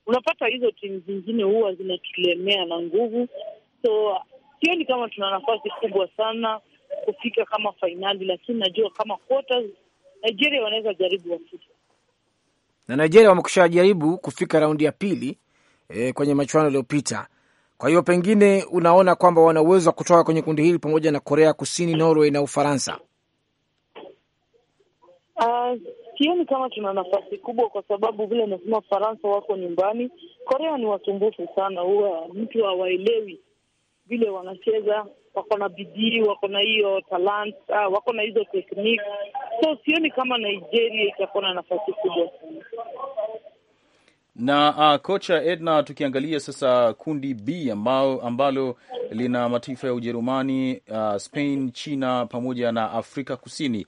D: unapata hizo timu zingine huwa zinatulemea na nguvu, so sioni kama tuna nafasi kubwa sana kufika kama fainali, lakini najua kama quarters Nigeria wanaweza jaribu wafike,
B: na Nigeria wamekusha jaribu kufika raundi ya pili e, kwenye machuano yaliyopita. Kwa hiyo pengine unaona kwamba wana uwezo wa kutoka kwenye kundi hili pamoja na Korea Kusini, Norway na Ufaransa.
D: Uh, sioni kama tuna nafasi kubwa, kwa sababu vile nasema Ufaransa wako nyumbani. Korea ni wasumbufu sana, huwa mtu hawaelewi vile wanacheza wako na bidii, wako na hiyo talanta, ah, wako na hizo tekniki, so sioni kama Nigeria itakuwa na nafasi kubwa
A: na uh, kocha Edna, tukiangalia sasa kundi B ambao, ambalo lina mataifa ya Ujerumani, uh, Spain, China pamoja na Afrika Kusini.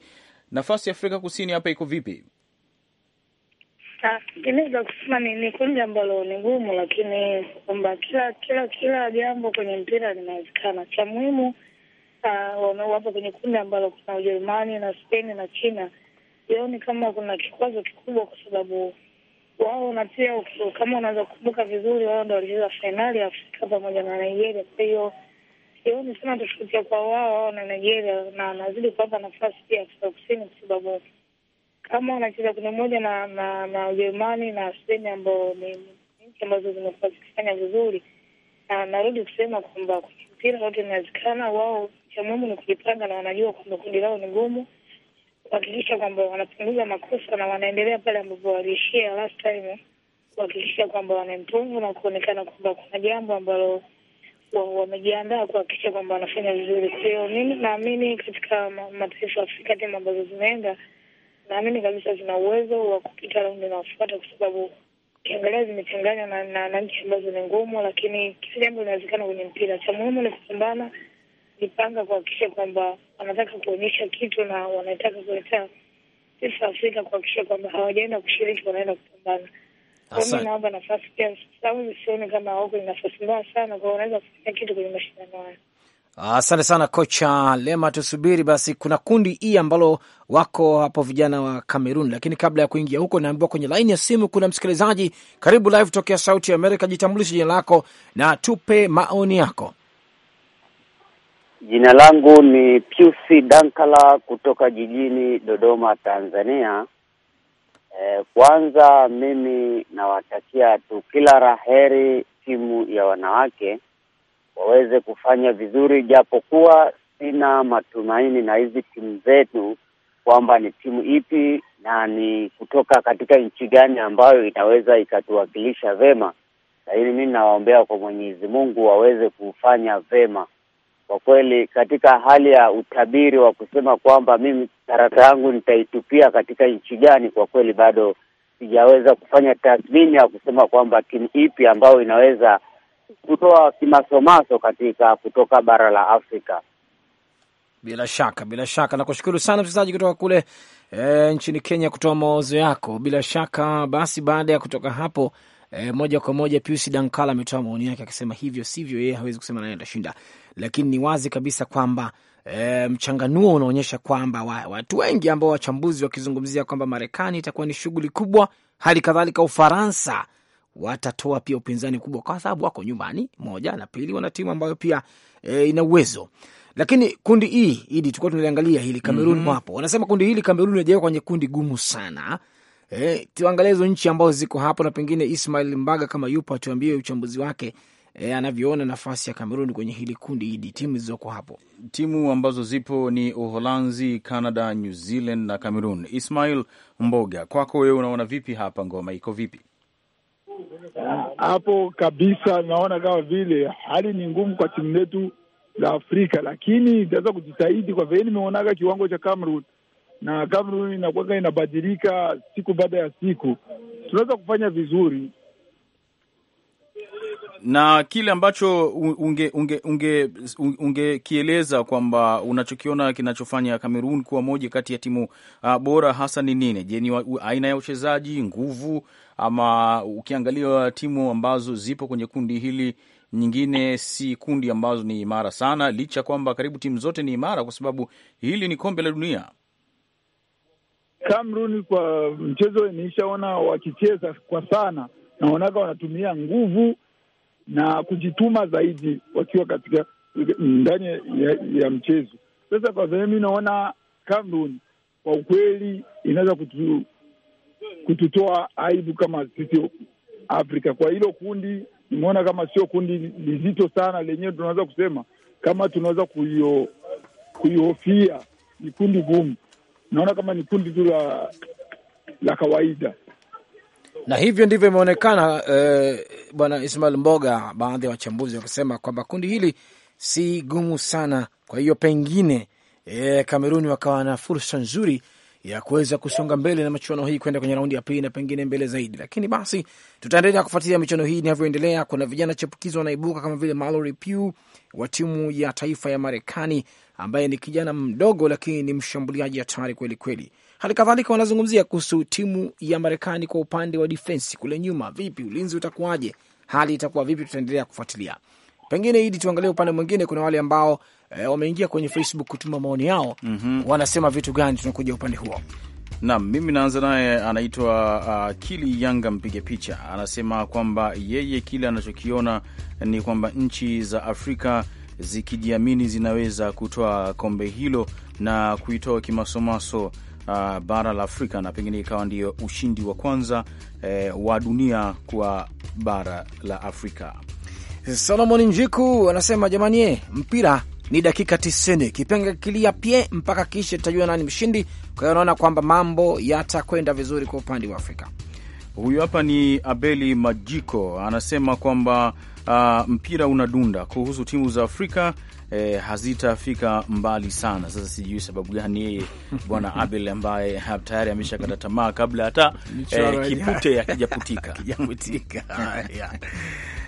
A: Nafasi ya Afrika Kusini hapa iko vipi?
D: inaweza kusema ni, ni kundi ambalo ni ngumu, lakini kwamba kila kila kila jambo kwenye mpira linawezekana. Cha muhimu uh, wapo kwenye kundi ambalo kuna Ujerumani na Spain na China. Sioni kama kuna kikwazo kikubwa, kwa sababu wao na pia kama unaweza kukumbuka vizuri, wao ndo walicheza fainali ya Afrika pamoja na Nigeria. Kwa hiyo sioni sana tofauti ya kwa wao wao na Nigeria, na nazidi kuwapa nafasi pia Afrika Kusini kwa sababu kama wanacheza kumi moja na na na Ujerumani na Spain ambao ni nchi ambazo zimekuwa zikifanya vizuri, na narudi kusema kwamba kwenye mpira yote inawezekana. Wao cha muhimu ni kujipanga, na wanajua kwamba kundi lao ni gumu, kuhakikisha kwamba wanapunguza makosa na wanaendelea pale ambapo waliishia last time, kuhakikisha kwamba wanaimprove na kuonekana kwamba kuna jambo ambalo wamejiandaa kuhakikisha kwamba wanafanya vizuri. Kwa hiyo mimi naamini katika mataifa ya Afrika timu ambazo zimeenda naamini kabisa zina uwezo wa kupita raundi inayofuata kwa sababu ukiangalia zimechanganywa na, na, na nchi ambazo ni ngumu, lakini kila jambo linawezekana kwenye mpira. Cha muhimu ni kupambana, nipanga kuhakikisha kwamba wanataka kuonyesha kitu na wanataka kuleta sisi Afrika, kuhakikisha kwamba hawajaenda kushiriki, wanaenda kupambana. Mi naomba nafasi pia, sababu sioni kama wako ni nafasi mbaya sana kwao, wanaweza kufanya kitu kwenye mashindano hayo.
B: Asante sana kocha Lema, tusubiri basi. Kuna kundi hii e ambalo wako hapo vijana wa Kamerun, lakini kabla ya kuingia huko, naambiwa kwenye laini ya simu kuna msikilizaji. Karibu live tokea Sauti ya Amerika, jitambulishe jina lako na tupe maoni yako.
E: Jina langu ni Piusi Dankala kutoka jijini Dodoma, Tanzania. E, kwanza mimi nawatakia tu kila raheri timu ya wanawake waweze kufanya vizuri, japokuwa sina matumaini na hizi timu zetu kwamba ni timu ipi na ni kutoka katika nchi gani ambayo inaweza ikatuwakilisha vema, lakini mi nawaombea kwa Mwenyezi Mungu waweze kufanya vema. Kwa kweli, katika hali ya utabiri wa kusema kwamba mimi karata yangu nitaitupia katika nchi gani, kwa kweli bado sijaweza kufanya tathmini ya kusema kwamba timu ipi ambayo inaweza kutoa kimasomaso katika kutoka bara la Afrika.
B: Bila shaka, bila shaka, nakushukuru sana msikilizaji kutoka kule e, nchini Kenya kutoa mawazo yako. Bila shaka basi, baada ya kutoka hapo e, moja kwa moja Pius Dankala ametoa maoni yake akisema hivyo sivyo, yeye hawezi kusema nani atashinda, lakini ni wazi kabisa kwamba E, mchanganuo unaonyesha kwamba watu wengi ambao wachambuzi wakizungumzia kwamba Marekani itakuwa ni shughuli kubwa, hali kadhalika Ufaransa watatoa pia upinzani kubwa, kwa sababu wako nyumbani moja, na pili wana timu ambayo pia e, ina uwezo. Lakini kundi hii e, hili tulikuwa tunaliangalia hili Kamerun mm -hmm. Wapo wanasema kundi hili Kamerun najaa kwenye kundi gumu sana. E, tuangalie hizo nchi ambazo ziko hapo, na pengine Ismail Mbaga kama yupo atuambie uchambuzi wake E, anavyoona nafasi ya Kamerun kwenye hili kundi hili, timu zilizoko hapo. Timu ambazo
A: zipo ni Uholanzi, Canada, New Zealand na Cameroon. Ismail Mboga, kwako wewe unaona vipi? Hapa ngoma iko vipi?
C: hapo kabisa. Naona kama vile hali ni ngumu kwa timu letu la Afrika, lakini itaweza kujitahidi kwa vile nimeonaga kiwango cha Cameroon na Cameroon inakuwa inabadilika siku baada ya siku, tunaweza kufanya vizuri
A: na kile ambacho ungekieleza unge, unge, unge kwamba unachokiona kinachofanya cameron kuwa moja kati ya timu uh, bora hasa ni nini? Je, ni aina ya uchezaji, nguvu ama ukiangalia timu ambazo zipo kwenye kundi hili nyingine si kundi ambazo ni imara sana, licha ya kwamba karibu timu zote ni imara, kwa sababu hili ni kombe la dunia.
C: Cameroon kwa mchezo niishaona wakicheza kwa sana, naonaga wanatumia nguvu na kujituma zaidi wakiwa katika ndani ya, ya mchezo. Sasa kwa vile mi naona Cameroon kwa ukweli inaweza kututoa aibu kama sisi Afrika. Kwa hilo kundi nimeona kama sio kundi lizito sana, lenyewe tunaweza kusema kama tunaweza kuihofia. Ni kundi gumu, naona kama ni kundi tu la la
B: kawaida, na hivyo ndivyo imeonekana eh, Bwana Ismail Mboga, baadhi ya wachambuzi wakisema kwamba kundi hili si gumu sana. Kwa hiyo pengine eh, Kameruni wakawa na fursa nzuri ya kuweza kusonga mbele na michuano hii kwenda kwenye raundi ya pili na pengine mbele zaidi. Lakini basi tutaendelea kufuatilia michuano hii inavyoendelea. Kuna vijana chipukizi wanaibuka kama vile Mallory Pugh wa timu ya taifa ya Marekani ambaye ni kijana mdogo, lakini ni mshambuliaji hatari kweli kweli. Hali kadhalika wanazungumzia kuhusu timu ya Marekani kwa upande wa defense kule nyuma, vipi ulinzi utakuwaje? Hali itakuwa vipi? Tutaendelea kufuatilia. Pengine hidi tuangalie upande mwingine, kuna wale ambao e, wameingia kwenye Facebook kutuma maoni yao mm -hmm. wanasema vitu gani, tunakuja upande huo.
A: Naam, mimi naanza naye, anaitwa uh, Kili Yanga mpiga picha, anasema kwamba yeye kile anachokiona ni kwamba nchi za Afrika zikijiamini zinaweza kutoa kombe hilo na kuitoa kimasomaso uh, bara la Afrika na pengine ikawa ndiyo ushindi wa kwanza eh, wa dunia kwa bara la Afrika.
B: Solomon Njiku anasema jamani, eh, mpira ni dakika 90. kipenga kilia pie mpaka kisha tutajua nani mshindi. Kwa hiyo naona kwamba mambo yatakwenda vizuri kwa upande wa Afrika.
A: Huyu hapa ni Abeli Majiko anasema kwamba uh, mpira unadunda kuhusu timu za Afrika eh, hazitafika mbali sana. Sasa sijui sababu gani yeye bwana (laughs) Abel ambaye tayari ameshakata tamaa kabla hata
C: eh, kipute
B: akijaputika. (laughs)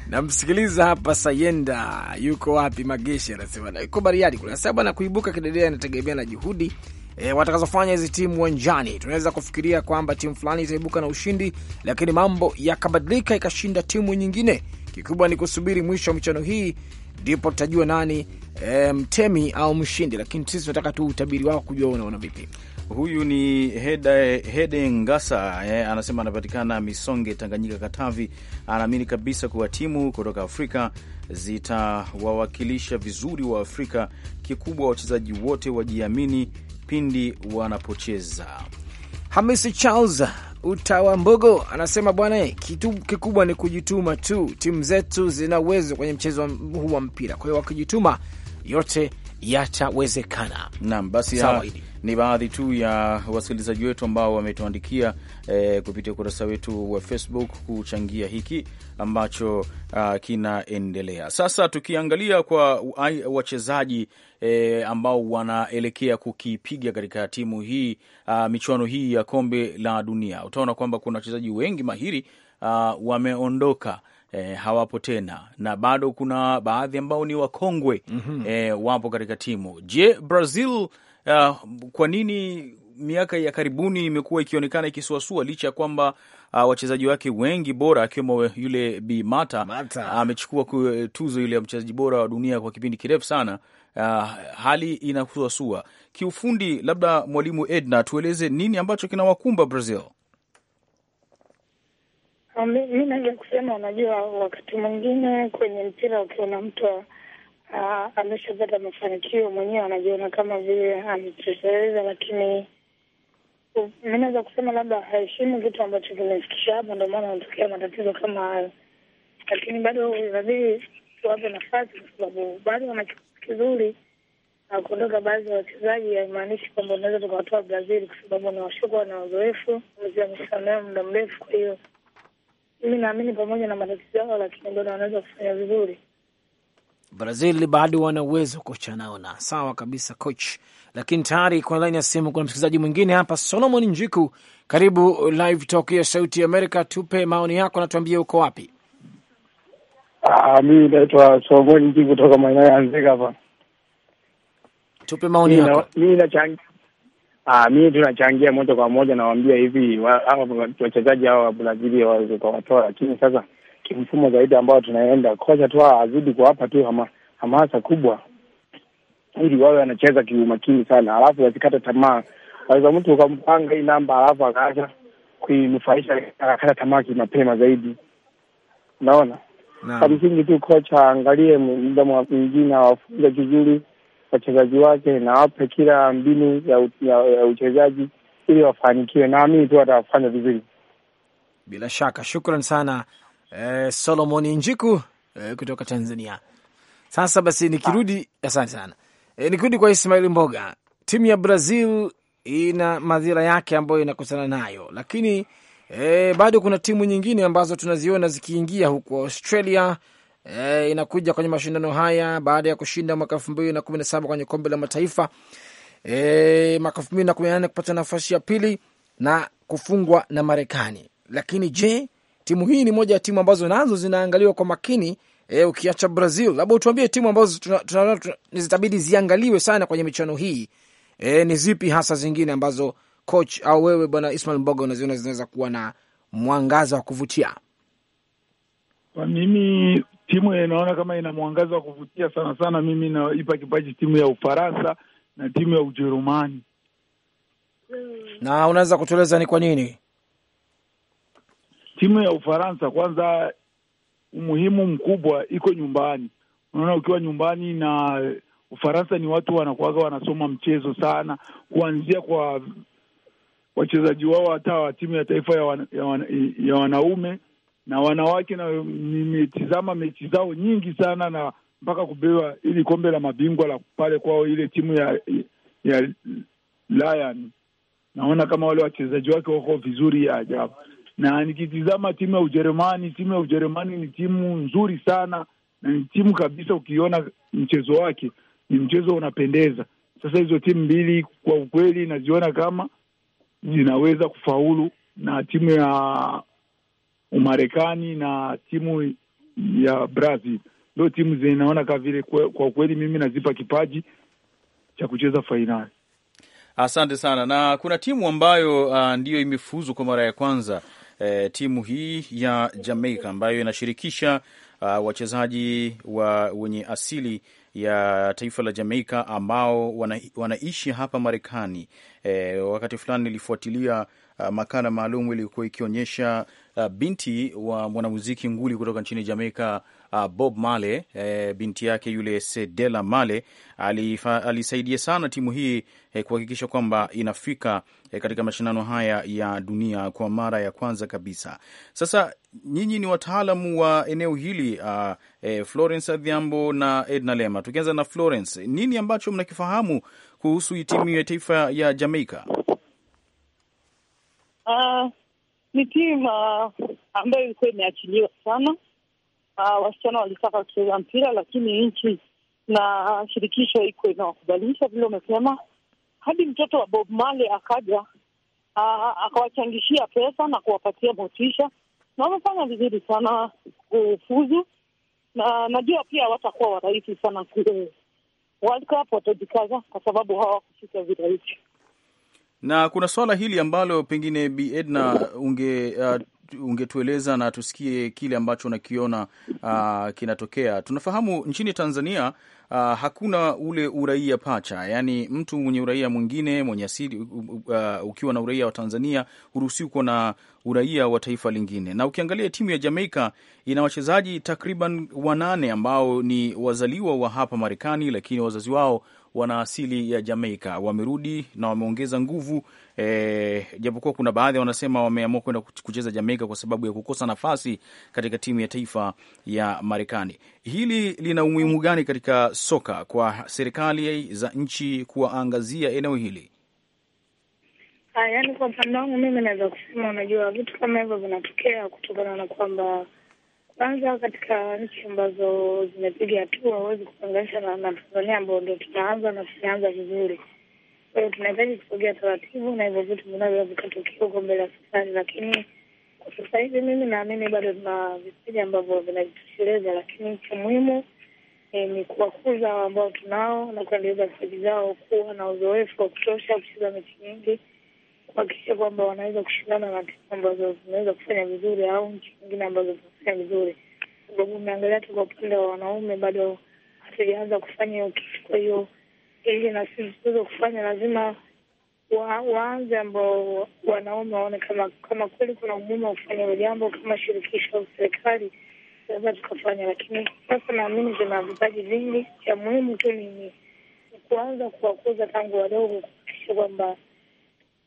B: Namsikiliza hapa Sayenda, yuko wapi? mageshi anasema yuko Bariadi kule. Anasema bwana, kuibuka kidedea inategemea na juhudi e, watakazofanya hizi timu uwanjani. Tunaweza kufikiria kwamba timu fulani itaibuka na ushindi, lakini mambo yakabadilika ikashinda timu nyingine. Kikubwa ni kusubiri mwisho wa michano hii, ndipo tutajua nani e, mtemi au mshindi, lakini sisi tunataka tu utabiri wao, kujua unaona vipi. Huyu ni Hede, Hede Ngasa
A: eh, anasema anapatikana Misonge, Tanganyika, Katavi. Anaamini kabisa kuwa timu kutoka Afrika zitawawakilisha vizuri wa Afrika. Kikubwa wachezaji wote
B: wajiamini pindi wanapocheza. Hamisi Charles Utawa Mbogo anasema bwana, kitu kikubwa ni kujituma tu. Timu zetu zina uwezo kwenye mchezo huu wa mpira, kwa hiyo wakijituma yote yatawezekana.
A: Naam, basi ya, ni baadhi tu ya wasikilizaji wetu ambao wametuandikia e, kupitia ukurasa wetu wa Facebook kuchangia hiki ambacho ah, kinaendelea sasa. Tukiangalia kwa wachezaji e, ambao wanaelekea kukipiga katika timu hii a, ah, michuano hii ya kombe la dunia, utaona kwamba kuna wachezaji wengi mahiri a, ah, wameondoka e, hawapo tena na bado kuna baadhi ambao ni wakongwe mm -hmm. e, wapo katika timu. Je, Brazil uh, kwa nini miaka ya karibuni imekuwa ikionekana ikisuasua licha ya kwamba uh, wachezaji wake wengi bora akiwemo yule Bi Mata amechukua uh, tuzo ile ya mchezaji bora wa dunia kwa kipindi kirefu sana. Uh, hali inasuasua kiufundi. Labda Mwalimu Edna, tueleze nini ambacho kinawakumba Brazil?
D: Mi naweza kusema, unajua, wakati mwingine kwenye mpira ukiona mtu ameshapata mafanikio mwenyewe anajiona kama vile amejitosheleza, lakini mi naweza kusema labda haheshimu kitu ambacho kimefikisha hapo, ndio maana anatokea matatizo kama hayo, lakini bado inabidi tuwape nafasi, kwa sababu bado wana kizuri na kuondoka baadhi ya wachezaji haimaanishi kwamba unaweza tukawatoa Brazil, kwa sababu ni washuka na uzoefu, wameshamea muda mrefu, kwa hiyo mimi naamini pamoja na matatizo yao, lakini bado wanaweza kufanya vizuri.
B: Brazil bado wana uwezo kocha nao, na sawa kabisa coach. Lakini tayari kwa laini ya simu kuna msikilizaji mwingine hapa, Solomon Njiku, karibu live talk ya Sauti ya Amerika, tupe maoni yako na tuambie uko wapi.
E: Ah, mimi naitwa Solomon Njiku kutoka maeneo ya Nzega
B: hapa, tupe maoni
E: yako. Mimi nachangia Ah, mimi tunachangia moja kwa moja, nawaambia hivi wachezaji hawa wa Brazil waweze kuwatoa, lakini sasa kimfumo zaidi ambao tunaenda kocha tu azidi kuwapa tu hama, hamasa kubwa ili wawe wanacheza kiumakini sana, alafu wasikate tamaa. Waweza mtu ukampanga hii namba alafu akaacha kuinufaisha akakata tamaa kimapema zaidi, unaona. Kwa msingi tu kocha angalie mda mwingine awafunze vizuri wachezaji wake na wape kila mbinu ya, ya, ya uchezaji ili wafanikiwe, naamini tu watafanya vizuri
B: bila shaka. Shukran sana eh, Solomon Njiku eh, kutoka Tanzania. Sasa basi nikirudi, asante sana eh, nikirudi kwa Ismail Mboga, timu ya Brazil ina madhira yake ambayo inakutana nayo, lakini eh, bado kuna timu nyingine ambazo tunaziona zikiingia huko Australia e, inakuja kwenye mashindano haya baada ya kushinda mwaka elfu mbili na kumi na saba kwenye kombe la mataifa e, mwaka elfu mbili na kumi na nane kupata nafasi ya pili na kufungwa na Marekani. Lakini je, timu hii ni moja ya timu ambazo nazo zinaangaliwa kwa makini e, ukiacha Brazil, labda utuambie timu ambazo tunaona zitabidi ziangaliwe sana kwenye michuano hii e, ni zipi hasa zingine ambazo coach au wewe bwana Ismail Mboga unaziona zinaweza kuwa
C: na mwangaza wa kuvutia? Kwa mimi timu inaona kama ina mwangaza wa kuvutia sana sana. Mimi naipa kipaji timu ya Ufaransa na timu ya Ujerumani. Na unaweza kutueleza ni kwa nini timu ya Ufaransa? Kwanza, umuhimu mkubwa iko nyumbani. Unaona, ukiwa nyumbani na Ufaransa ni watu wanakuaga wanasoma mchezo sana, kuanzia kwa wachezaji wao hata wa timu ya taifa ya, wan, ya, wan, ya wanaume na wanawake, na nimetizama mechi zao nyingi sana, na mpaka kubewa ili kombe la mabingwa la pale kwao, ile timu ya ya Lion. Naona kama wale wachezaji wake wako vizuri ya ajabu, na nikitizama timu ya Ujerumani, timu ya Ujerumani ni timu nzuri sana na ni timu kabisa, ukiona mchezo wake ni mchezo unapendeza. Sasa hizo timu mbili kwa ukweli naziona kama zinaweza kufaulu, na timu ya Umarekani na timu ya Brazil ndio timu zinaona kama vile kwa kweli mimi nazipa kipaji cha kucheza fainali.
A: Asante sana. Na kuna timu ambayo uh, ndiyo imefuzu kwa mara ya kwanza eh, timu hii ya Jamaica ambayo inashirikisha uh, wachezaji wa wenye asili ya taifa la Jamaica ambao wana, wanaishi hapa Marekani. Eh, wakati fulani nilifuatilia uh, makala maalum iliyokuwa ikionyesha uh, binti wa mwanamuziki nguli kutoka nchini Jamaica uh, Bob Male uh, eh, binti yake yule Sedela male alisaidia sana timu hii uh, kuhakikisha kwamba inafika uh, katika mashindano haya ya dunia kwa mara ya kwanza kabisa. Sasa nyinyi ni wataalamu wa eneo hili uh, uh, Florence Adhiambo na Edna Lema, tukianza na Florence, nini ambacho mnakifahamu kuhusu timu ya taifa ya Jamaica?
D: Uh, ni timu uh, ambayo ilikuwa imeachiliwa sana. Uh, wasichana walitaka kucheza mpira, lakini nchi na shirikisho iko inawakubalisha vile umesema, hadi mtoto wa Bob Marley akaja, uh, akawachangishia pesa na kuwapatia motisha na wamefanya vizuri sana kufuzu, na najua pia watakuwa warahisi sana kule World Cup, watajikaza kwa sababu hawakufika virahisi.
A: Na kuna swala hili ambalo pengine Bi Edna unge uh, ungetueleza na tusikie kile ambacho unakiona uh, kinatokea. Tunafahamu nchini Tanzania uh, hakuna ule uraia pacha, yaani mtu mwenye uraia mwingine mwenye asili uh, ukiwa na uraia wa Tanzania huruhusiwi kuwa na uraia wa taifa lingine. Na ukiangalia timu ya Jamaica ina wachezaji takriban wanane ambao ni wazaliwa wa hapa Marekani, lakini wazazi wao wana asili ya Jamaika wamerudi na wameongeza nguvu e, japokuwa kuna baadhi wanasema wameamua kwenda kucheza Jamaika kwa sababu ya kukosa nafasi katika timu ya taifa ya Marekani. Hili lina umuhimu gani katika soka kwa serikali za nchi kuwaangazia
D: eneo hili? Ah, yani kwa upande wangu mimi naweza kusema, unajua vitu kama hivyo vinatokea kutokana na kwamba kwanza katika nchi ambazo zimepiga hatua, huwezi kupanganisha na, na Tanzania ambao ndio tunaanza na tunaanza vizuri.
C: Kwa hiyo tunahitaji
D: kusogea taratibu, na hivyo vitu vinavyo vikatokea huko mbele ya safari, lakini kwa sasa hivi mimi naamini bado tuna vipaji ambavyo vinajitosheleza, lakini cha muhimu eh, ni kuwakuza ambao tunao na kuendeleza vipaji zao, kuwa na uzoefu wa kutosha kucheza mechi nyingi, kuhakikisha kwamba wanaweza kushindana na timu ambazo zinaweza kufanya vizuri au nchi nyingine ambazo afya vizuri, sababu umeangalia tu kwa upande wa wanaume bado hatujaanza kufanya hiyo kitu. Kwa hiyo ili na sisi tuweze kufanya, lazima wa, waanze ambao wanaume waone kama kama kweli kuna umuhimu wa kufanya hilo jambo kama shirikisho au serikali tunaweza tukafanya, lakini sasa naamini kuna vipaji vingi. Cha muhimu tu ni kuanza kuwakuza tangu wadogo, kuhakikisha kwamba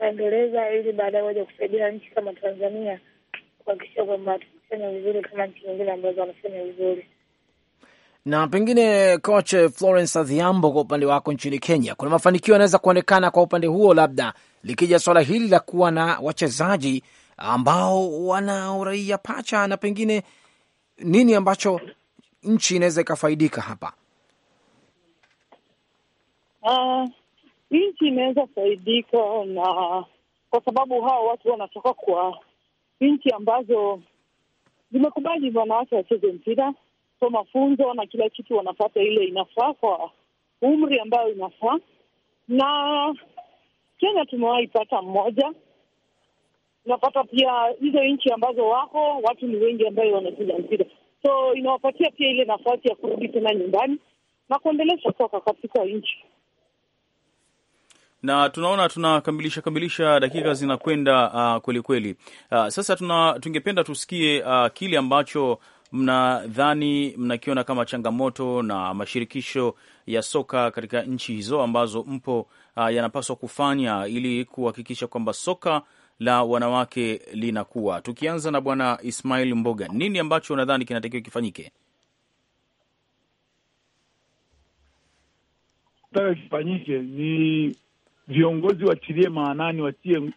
D: naendeleza ili baadaye waje kusaidia nchi kama Tanzania kuhakikisha kwamba kufanya vizuri kama nchi nyingine ambazo wanafanya vizuri.
B: Na pengine coach eh, Florence Adhiambo, kwa upande wako nchini Kenya, kuna mafanikio yanaweza kuonekana kwa upande huo, labda likija swala hili la kuwa na wachezaji ambao wana uraia pacha, na pengine nini ambacho nchi inaweza ikafaidika hapa?
D: Uh, nchi inaweza faidika na kwa sababu hao watu wanatoka kwa nchi ambazo zimekubali wanawake wacheze mpira, kwa mafunzo na kila kitu wanapata ile inafaa kwa umri ambayo inafaa. Na Kenya tumewahi pata mmoja, unapata pia hizo nchi ambazo wako watu ni wengi ambayo wanacheza mpira, so inawapatia pia ile nafasi ya kurudi tena nyumbani na kuendelesha soka katika nchi
A: na tunaona tunakamilisha kamilisha, dakika zinakwenda uh, kweli kweli. Uh, sasa tuna, tungependa tusikie uh, kile ambacho mnadhani mnakiona kama changamoto na mashirikisho ya soka katika nchi hizo ambazo mpo uh, yanapaswa kufanya ili kuhakikisha kwamba soka la wanawake linakuwa. Tukianza na Bwana Ismail Mboga, nini ambacho unadhani kinatakiwa kifanyike?
C: kifanyike ni viongozi watilie maanani, watie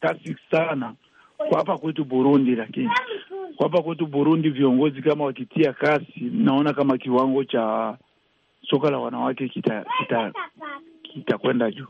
C: kasi sana kwa hapa kwetu Burundi. Lakini kwa hapa kwetu Burundi, viongozi kama wakitia kasi, naona kama kiwango cha soka la wanawake kitakwenda kita, kita juu.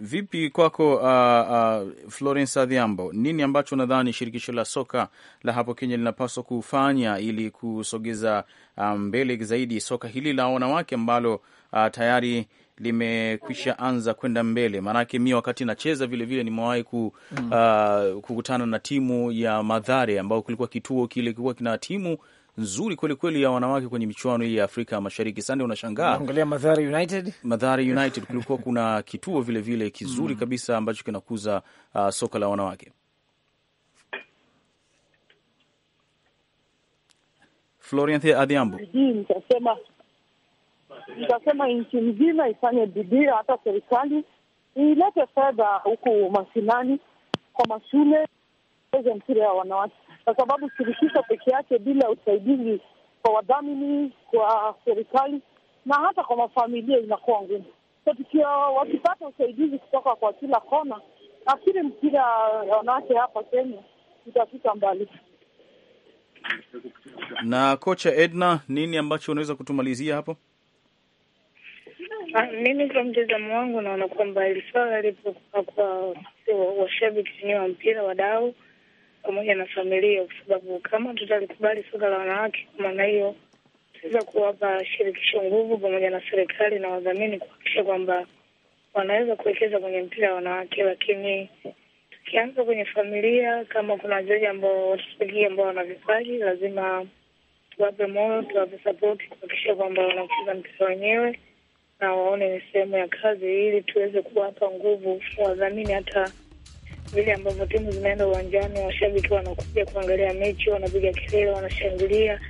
A: Vipi kwako, uh, uh, Florence Adhiambo, nini ambacho nadhani shirikisho la soka la hapo Kenya linapaswa kufanya ili kusogeza uh, mbele um, zaidi soka hili la wanawake ambalo uh, tayari limekwisha anza kwenda mbele. Maanake mia wakati nacheza vilevile nimewahi ku, mm. uh, kukutana na timu ya Madhare ambao kulikuwa kituo kile kilikuwa kina timu nzuri kwelikweli ya wanawake kwenye michuano hii ya Afrika Mashariki. Sande, unashangaa
B: United,
A: United kulikuwa kuna kituo vilevile vile kizuri mm. kabisa ambacho kinakuza uh, soka la wanawake. Florian Adhiambo,
D: nitasema nchi mzima ifanye bidii, hata serikali ilete fedha huku mashinani kwa mashule eze mpira ya wanawake, kwa sababu shirikisho peke yake bila usaidizi kwa wadhamini, kwa serikali na hata kwa mafamilia inakuwa ngumu. So tukiwa wakipata usaidizi kutoka kwa kila kona, nafikiri mpira ya wanawake hapa Kenya itafika mbali.
A: Na kocha Edna, nini ambacho unaweza kutumalizia hapo?
D: Ah, mimi kwa mtazamo wangu naona kwamba hili swala kwa washabiki wenyewe wa mpira, wadau pamoja na familia, kwa sababu kama tutalikubali soka la wanawake, kwa maana hiyo tutaweza kuwapa shirikisho nguvu pamoja na serikali na wadhamini kuhakikisha kwamba wanaweza kuwekeza kwenye mpira wa wanawake. Lakini tukianza kwenye familia, kama kuna wachezaji ambao watusaji ambao wana vipaji, lazima tuwape moyo, tuwape sapoti kuhakikisha kwamba wanacheza mpira wenyewe na waone ni sehemu ya kazi, ili tuweze kuwapa nguvu wadhamini. Hata vile ambavyo timu zinaenda uwanjani, washabiki wanakuja kuangalia mechi, wanapiga kelele, wanashangilia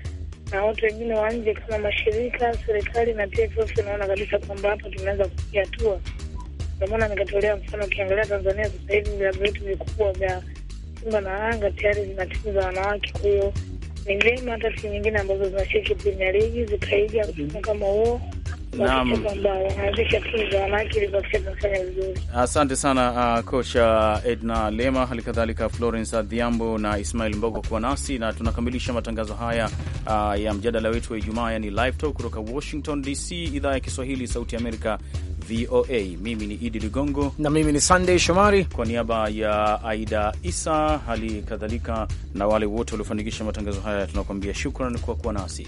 D: na watu wengine wa nje kama mashirika, serikali na TFF inaona kabisa kwamba hapa tunaweza kupiga hatua. Ndio maana nikatolea mfano, ukiangalia Tanzania sasa hivi vilabu vyetu vikubwa vya Simba na Yanga tayari zina timu za wanawake. Kwa hiyo ni vyema hata timu nyingine ambazo zinashiriki Premier League zikaiga mfumo kama huo
A: Naam, asante sana uh, kocha uh, Edna Lema, hali kadhalika Florence Adhiambo na Ismail Mbogo kwa nasi, na tunakamilisha matangazo haya uh, ya mjadala wetu wa Ijumaa, yani live talk kutoka Washington DC, idhaa ya Kiswahili, sauti ya Amerika, VOA. Mimi ni Idi Ligongo na mimi ni Sunday Shomari, kwa niaba ya Aida Isa hali kadhalika na wale wote waliofanikisha matangazo haya, tunakuambia shukran kwa kuwa nasi.